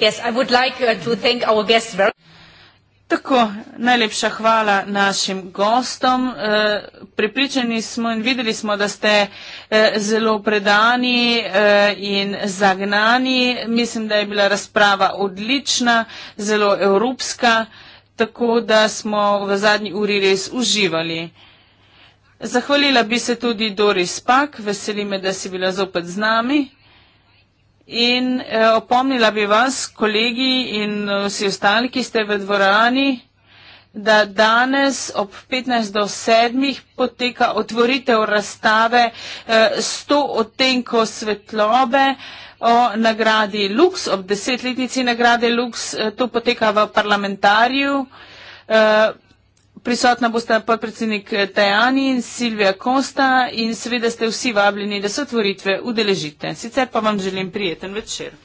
Yes, I would like uh, to thank our guests very much. Tako, najlepša hvala našim gostom. Eh, pripričani smo in videli smo, da ste eh, zelo predani eh, in zagnani. Mislim, da je bila razprava odlična, zelo evropska, tako da smo v zadnji uri res uživali. Zahvalila bi se tudi Doris Pak, veseli me, da si bila zopet z nami. In eh, opomnila bi vas, kolegi in eh, vsi ostali, ki ste v dvorani, da danes ob 15 do 7 poteka otvoritev razstave eh, 100 odtenkov svetlobe o nagradi Lux, ob desetletnici nagrade Lux, eh, to poteka v parlamentariju. Eh, Prisotna boste podpredsednik eh, Tajani in Silvija Kosta in seveda ste vsi vabljeni, da se otvoritve udeležite. Sicer pa vam želim prijeten večer.